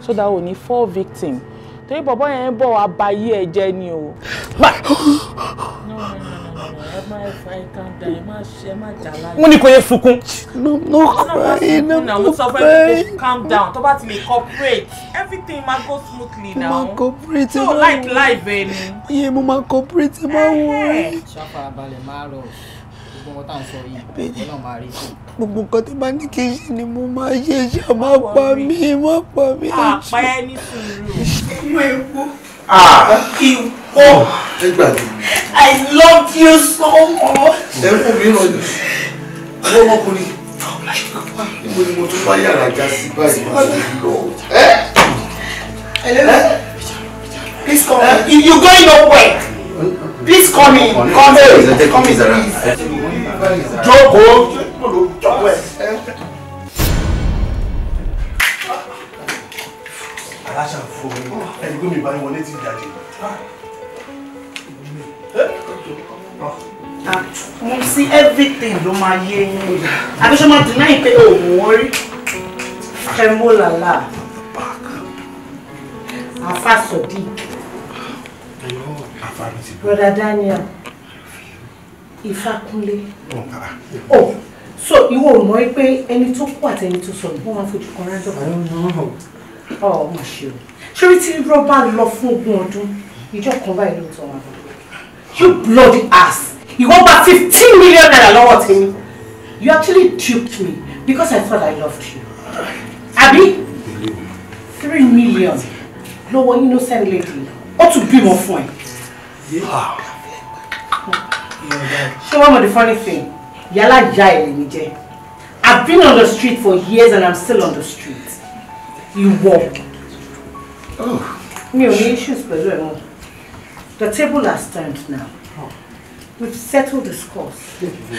I: so that o ní fall victim torí bọ̀bọ̀ yẹn ń bọ̀ wá ba ayé ẹ jẹ́ ni o.
E: wọ́n ní kò yẹ sunkún. no no cry no no cry. calm
I: down tó bá ti lè cooperate everything ma go smoothly now. mo ma cooperate so like life ẹ ni.
E: iye mo ma cooperate ma wọ.
I: ṣàfàbàlẹ̀ máa rọ̀ gbogbo nǹkan tá sọ
A: yìí ọlọ́run máa rí sí.
E: gbogbo nǹkan tí bá ní kí n ṣe ni mo máa ṣe ṣe má pa mí má pa mí. àpá ẹ ní sùúrù inú epo kí I love you so much.
B: ẹ kò mí ràn
H: yín ọwọ́
B: níbo ni mo tún bá yàrá já sí báyìí má ṣe lọ.
E: Please come. Uh, you going
B: nowhere. Please come in. Come in.
F: Come in. Come
B: in jókòó jókòó ẹ. aláṣà fún mi ẹni gómìnà bá wọlé ti dàjẹ́.
E: mo sí everything ló
A: máa yé yín àbí ṣé máa dùn náà pé òun wọn rí ẹ mú làlá àfa sọdí. Brother Daniel ìfakúnlé. Oh, ah. oh so ìwọ ò mọ̀ pé ẹni tó kú àti ẹni tó sọnù wọ́n máa fojú kan rájọ kan. ọ̀ oh, mà ṣe o ṣórí tí rọ́bà lọ fún ogún ọdún ìjọ kan báyìí ló tọ́ wọn. you bloody ass ìwọ gba fifteen million naira lọ́wọ́ tèmi you actually duped me because I thought I loved you. Abi, three million lọ́wọ́ innocent lady ó tún bímọ fún ẹ. Ah. Show me the funny thing yálà já ẹ̀ lèmi I've been on the street for years and I'm still on the street ìwọ oh. mi ò ní issues pẹ̀lú the table has turned now we've settled the scores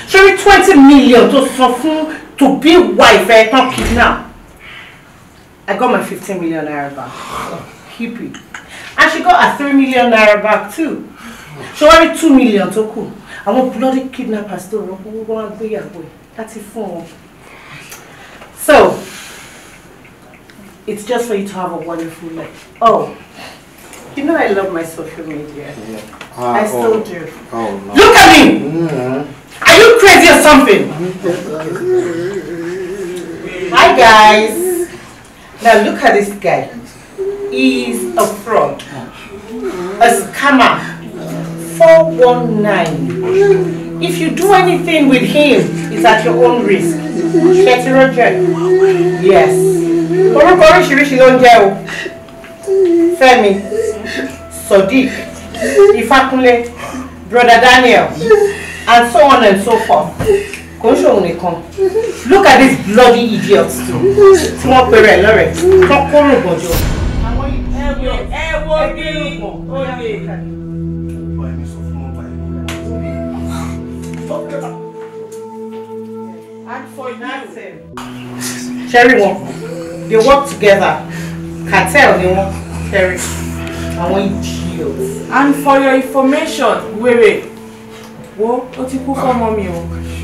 A: ṣorí twenty million to san to be wife ẹ̀ tán now. I got my fifteen million naira back keep it and she got a three million naira back too ṣọwọ́n rí two million to Cool. àwọn bloody kidnappers tó rọ owó wá gbéyàwó ẹ̀ láti So, it's just for you to have a wonderful life. Oh, you know I love my social media.
G: Yeah. Uh, I still oh, do.
A: Oh, no. Look at me!
G: Mm-hmm.
A: Are you crazy or something? Hi guys! Now look at this guy. He's a fraud. A scammer. 419. If you do anything with him, it's at your own risk. Shetty Roger. Yes. Orúkọ oríṣiríṣi ló ń jẹ́ o. Fẹ́mi. Sodiq. Ifákúnlé. Brother Daniel. And so on and so forth. Kò ń ṣòun nìkan. Look at this bloody idiot. too. Tí wọ́n pèrè lọ́rẹ̀. Tọ́kùnrùn bọ̀jọ.
I: Àwọn ìdílé ẹ wo bí olè. And for you.
A: Cherry, wọn. They work together. Cartel ni wọn. Sherry. Àwọn idiots.
I: And for your information, wèrè. Wo, What ti kú fọ́mọ mi o.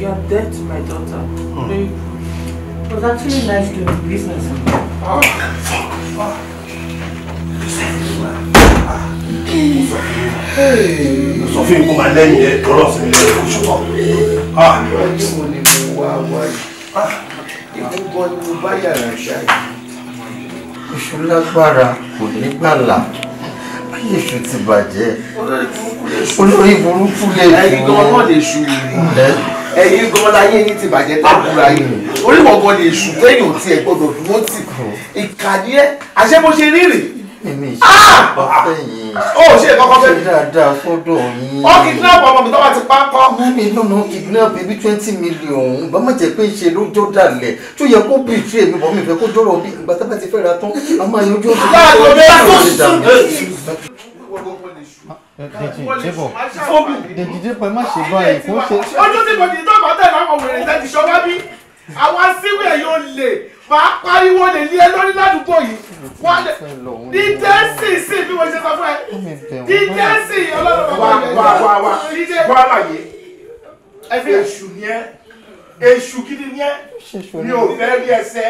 I: You are dead to my daughter. Hmm. It was actually nice doing business. Oh. Oh.
B: Sọ fún ikú máa lẹ́yìn ẹ̀ tọ́lọ́sìn ilé ìfòṣùpọ̀
F: wá wá yìí ah, ikú gan ni mo bá yàrá ṣá yìí. iṣu lágbára kò ní gbàlà ayé iṣu ti bàjẹ́
B: olórí burúkú lè dùn ẹ̀yin gan náà lè ṣu rèé ẹ̀yin gan láyé yín ti bàjẹ́ tábùra yìí orí wọn gan lè ṣu lẹ́yìn òtí ẹ gbọ́dọ̀ dúró tì ìkànnì ẹ àṣẹ bó ṣe rí rèé
F: èmi ìṣèjọba fẹ̀yìn ó ṣe kọ́kọ́ fẹ́ mi dáadáa fọ́dọ̀ yín. ó kidnap
B: ọmọ mi tó bá ti pa kọ́. má mi lọ́nà kidnap ibi twenty million
F: bá má jẹ́ pé ṣe lójó dalẹ̀ tó yẹ kó bí ìtú èmi bọ̀ mi fẹ́ kó jọ̀rọ̀ bí ìgbà tá bá ti fẹ́ra tán a máa yanjú ọ̀sán. láàbò mi bá tó sùn.
E: Dèjìdèpọ̀ ah, eh, Dèjìdèpọ̀ ẹ má ṣe báyìí kó ṣe. ojú
B: ti bọ̀ ní tó bá tẹ̀ láwọn wèrè tẹ̀ ti ṣọ́ bá bí àwa síwẹ̀ yóò lè máa pariwo lè lé ẹ lórí ládùúgbò yìí wọn lè dídé sí sí bí mo ṣe sọ fún ẹ dídé sí ọlọ́run bàbá mi wá wá wá dídé wá láyé èṣù ni ẹ èṣù gidi ni ẹ mi ò fẹ́ rí ẹsẹ̀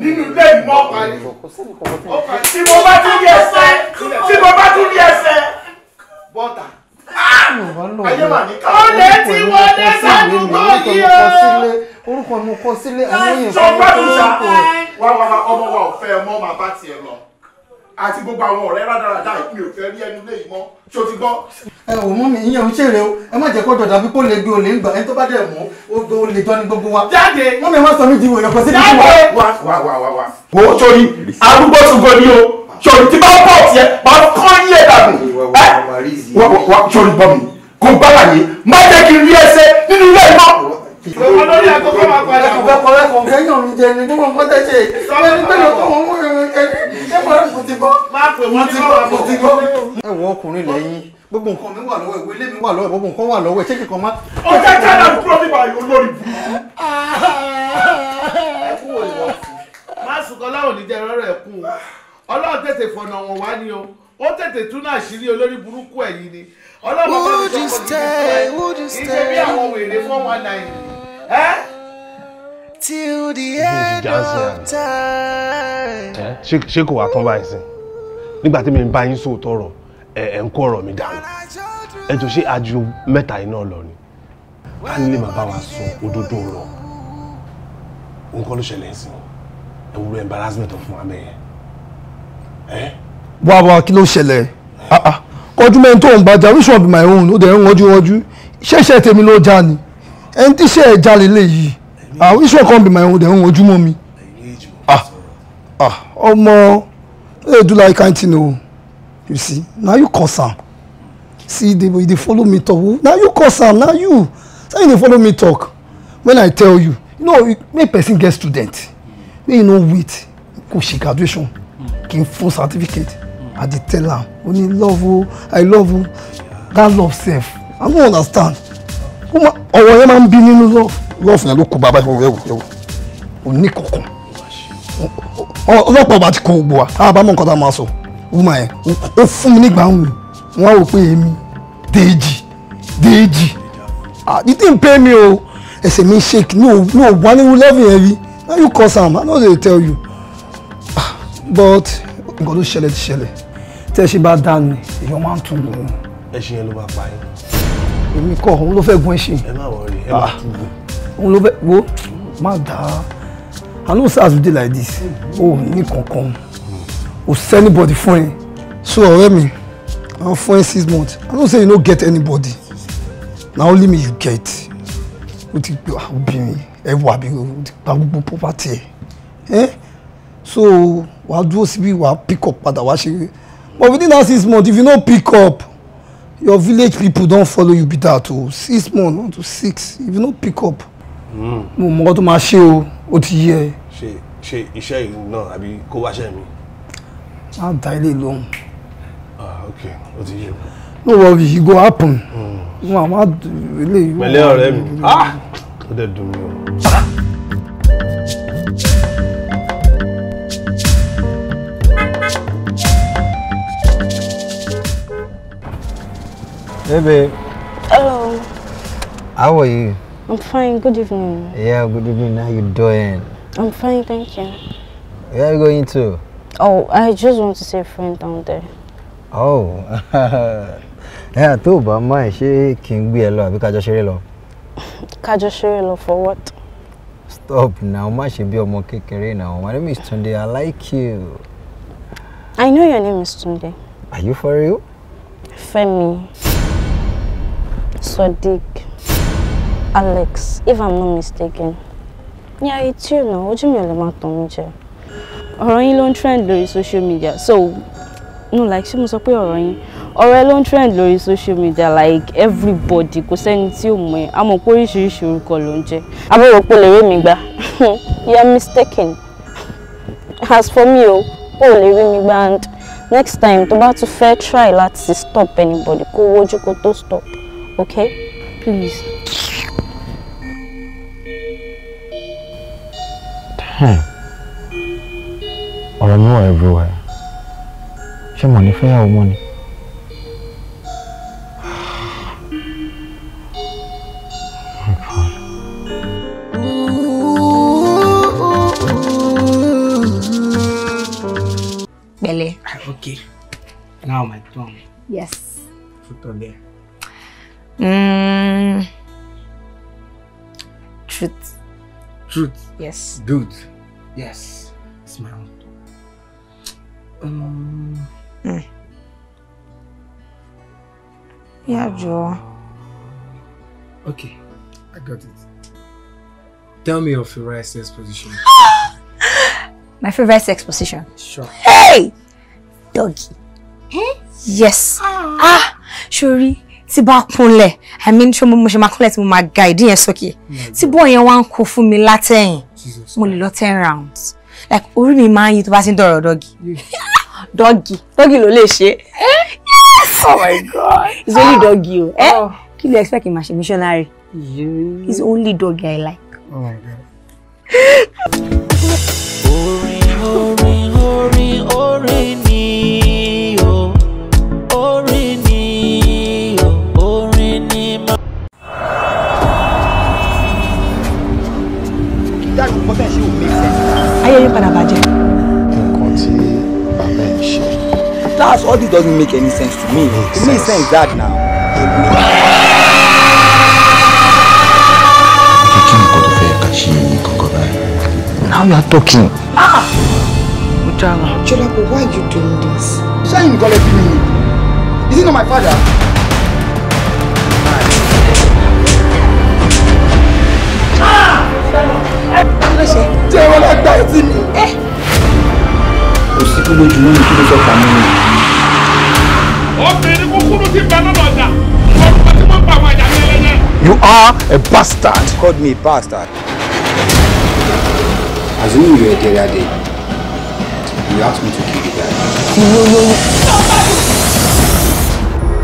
B: nínú ilé ìmọ̀ parí
E: tí mo bá tún rí ẹsẹ̀ tí mo bá tún rí ẹsẹ̀
B: bọ́tà
I: ayé mà ní káwọn olè ti wọlé sádùúgbò yìí
B: o orúkọ mi kọ sílé àwọn èèyàn kan ló ń sọ wá wá wá ọmọ wa ò fẹ́ mọ́ máa bá tiẹ̀ lọ àti gbogbo àwọn ọ̀rẹ́ rádaràdà mi ò fẹ́ rí ẹnu lé yìí mọ́ ṣó ti gbọ́.
F: ẹ ò mú mi ìyẹn ò ń ṣèrè o ẹ má jẹ́ kó dọ̀dà bí kò lè gbé olè ń gbà ẹni tó bá dẹ̀ mú ogbó olè
B: jọ ní gbogbo wa. jáde mọ́mi ẹ má sọ mí di ìwòyàn kan sí ibi tí wà. wà wà wò ó torí arúgbó tún gan ni o sọ̀rọ̀ tí bá bọ̀ tiẹ̀ máa kọ́ yé dànù ẹ́ sọ̀rọ̀ bọ̀ mi kò bá wà yé má jẹ́ kí n rí ẹsẹ̀ nínú ilé ìmọ̀. olórí àkọ́kọ́ máa padà wọ̀. ọ̀pọ̀ ẹ̀kọ́ kẹ́yìn ọ̀run jẹ ni gbogbo nǹkan tẹ̀sẹ̀
F: ẹ̀wọ̀n ọkùnrin lẹ́yìn gbogbo nǹkan mi wà lọ́wọ́ ìwé ilé mi wà lọ́wọ́ gbogbo nǹkan wà lọ́wọ́ ẹ̀ ṣé kíkan má. ọjà jáde àdúgbò
B: mi wà lórí burúkú.
C: má sùn kọ́ láwọn onídẹ̀ẹ́rọ́rọ̀
B: ẹ̀kún o. ọlọ́run tètè fọ̀nà wọn wá ní o ó tètè tún náà ṣírí olórí burúkú ẹ̀yìn ni
C: ọlọ́run bá tó fún bí àwọn
B: wèrè four one nine
C: ẹ́. till the end of time.
B: ṣé kò wá tán báyìí sí nígbà tí mi ń bá yín sóòótọ́ ọ̀rọ̀ ẹ̀ ń kó ọ̀rọ̀ mi dànù ẹ jọ ṣé aju mẹ́ta iná lọ ni wa sọ
H: wá wá kí ló ṣẹlẹ̀ ah, ah. ọdún mẹ́rin tó ń gbajà which one be my own ó dẹ̀ ń wọ́jú wọ́jú ṣẹ́ṣẹ́ tèmi ló já ni ẹni tí ṣe ẹja lélẹ̀ yìí ah, which one come be my own dẹ̀ ń wọ́jú mọ́ mi ọmọ ẹ do like kind thing o you see na you cause am see the way follow me talk na you cause am na you say you dey follow me talk when i tell you you know make person get student make you no wait go ṣe graduation kí n fún certificate i dey tell am ó ní love o i love o that love sef i no understand ọ̀rọ̀ yẹn máa ń bí nínú love love yẹn ló kó bàbá ìfọwọ́ ẹ̀wò ẹ̀wò òní kọ̀ọ̀kan ọlọ́pàá ọba ti kó gbogbo wa a nǹkan tá a máa sọ wúma yẹn ó fún mi nígbà ń wọn á rò pé èmi déèjì déèjì ah, you think pay me o ẹsẹ̀ mi shake no no wà nínú love yẹn rí now you cause am i no dey tell you but nǹkan tó ṣẹlẹ̀ ti ṣẹlẹ̀ tẹ́ ṣe bá dá ni èèyàn máa ń tún lò ó. ẹṣin yẹn ló bá pa yín. èmi kọ́ òun ló fẹ́ gun ẹṣin. ẹ má
C: wọrí ẹ má ah. tún
H: òun ló fẹ́ wo má dà á i know sars dey like this o ò ní kankan o send anybody fún ẹ so ọ̀rẹ́ mi i wan fún ẹ six months i know say you no get anybody na only me you get o ti gbé obìnrin ẹ wà bí o ti gba gbogbo property ẹ eh? so wà á dúró síbi wà á pick up padà wá ṣeré but within that six months if you no pick up your village people don follow you be that o oh. six months one to six if you no pick up hmm. mo mọ ọkọ tó máa ṣe o oh. ó ti yẹ. ṣe ṣe iṣẹ́ ìlú náà àbí kó wáṣẹ́ mi. má da ilé lóhùn.
B: ah ok ó ti yẹ.
H: no worry e go happen. wọn àwọn àdúrà ilé. pẹ̀lẹ́ ọ̀rẹ́ mi
B: ah ó dẹ̀ dùn mí o.
F: Hey, babe. Hello. How are you?
D: I'm fine. Good evening.
F: Yeah, good evening. How you doing?
D: I'm fine, thank you.
F: Where are you going to?
D: Oh, I just want to see a friend down there.
F: Oh. *laughs* yeah, tó bá máa ṣe kí n gbé ẹ lọ àbí ká jọ ṣeré lọ.
D: Ká jọ ṣeré lọ for what?
F: Stop now, my she be a monkey, kékeré now. My name is Tunde, I like you.
D: I know your name is Tunde.
F: Are you for real?
D: Femi. Sadiq, Alex, if I'm not mistaken. Yeah, it's you now. Ojú mi you lè máa tàn mí long trend on social media. So, no like she must sọ pé ọ̀rọ̀ yín. Ọ̀rọ̀ ẹ trend on social media like everybody kò sẹ́ni tí ò mọ̀ I'm A mọ̀ pé oríṣiríṣi orúkọ ló ń jẹ́. Abẹ́rò pò lè rí mistaken. As for me o, ò lè rí and next time to bá to fair try let's stop anybody kó wojú kó tó stop okay? Please.
C: Damn. Hmm. Ọ̀rọ̀ mi wà
F: everywhere. She mo ní fẹ́yàwó mọ́ ni?
A: Pẹ̀lẹ́. Ah, okay. Now my tongue. Yes. Put on there.
C: Mm. truth.
G: Truth. Yes. Good.
C: Yes. Smile. Um.
G: Mm.
D: Yeah, ah. Joe.
C: Okay, I got it. Tell me your favorite sex position. *gasps*
D: My favorite sex position. Sure. Hey, doggy. Hey. Yes. Aww. Ah, ah! Shuri. tí bá kúnlẹ̀ i mean ṣé mo ṣe máa kúnlẹ̀ tí mo máa ga ìdí yẹn sókè mm. tí bọ́ọ̀ yẹn wá ń mi látẹ̀yìn mo lè lọ ten rounds like orí mi máa ń yí tó bá ti ń dọ̀rọ̀ dọ́gì *laughs* dọ́gì dọ́gì ló yes
G: oh my god it's only
D: ah. dọ́gì o ẹ eh? oh. kí ló expect ma ṣe missionary it's only dọ́gì i like. Oh my god.
C: orin orin orin orin.
B: nǹkan tẹ̀ ṣe ò make ayé yín padà bàjẹ́. nǹkan tí bàbá ẹ̀ ṣe. that's all this doesn't make any sense to me it makes sense, that now. kí ni nǹkan fẹ́ kà ṣe kankan
F: báyìí. now you are talking. ah
E: Udara. Cholapo why are you doing this. ṣé ìnìkan lè bí mi is it not my father.
C: Ah! ló ṣe. wọn lọ gba etí mi. Eh.
H: kò sí kí lójú nínú kí ló sọ pa mí
C: obìnrin kúkúrú ti bẹ lọ́dọ̀ ọjà orúkọ tí wọ́n
H: pa àwọn ẹ̀yà ẹlẹ́yẹ. you are a bastard. you called me a bastard. As you were there that day you asked
B: me to kill you the guy.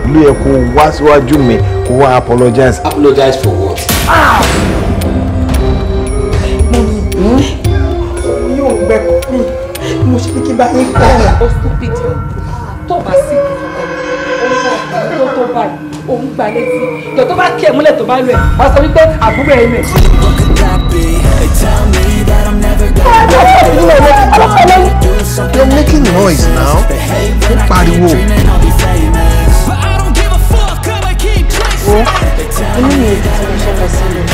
B: ilé ẹ̀kọ́ wá síwájú mi kó wá apologize. apologize for what?
C: Ah!
E: bá yín kọ́
A: ó stupid tó bá sí ó tó báyìí òun gbà létí ìjọ tó bá kí ẹ múlẹ̀ tó bá lù ẹ̀ wá sọ wípé àbúrò ẹ̀ rẹ̀.
C: You're making noise now. Ó pariwo. Wo inú mi ò dùn sí iṣẹ́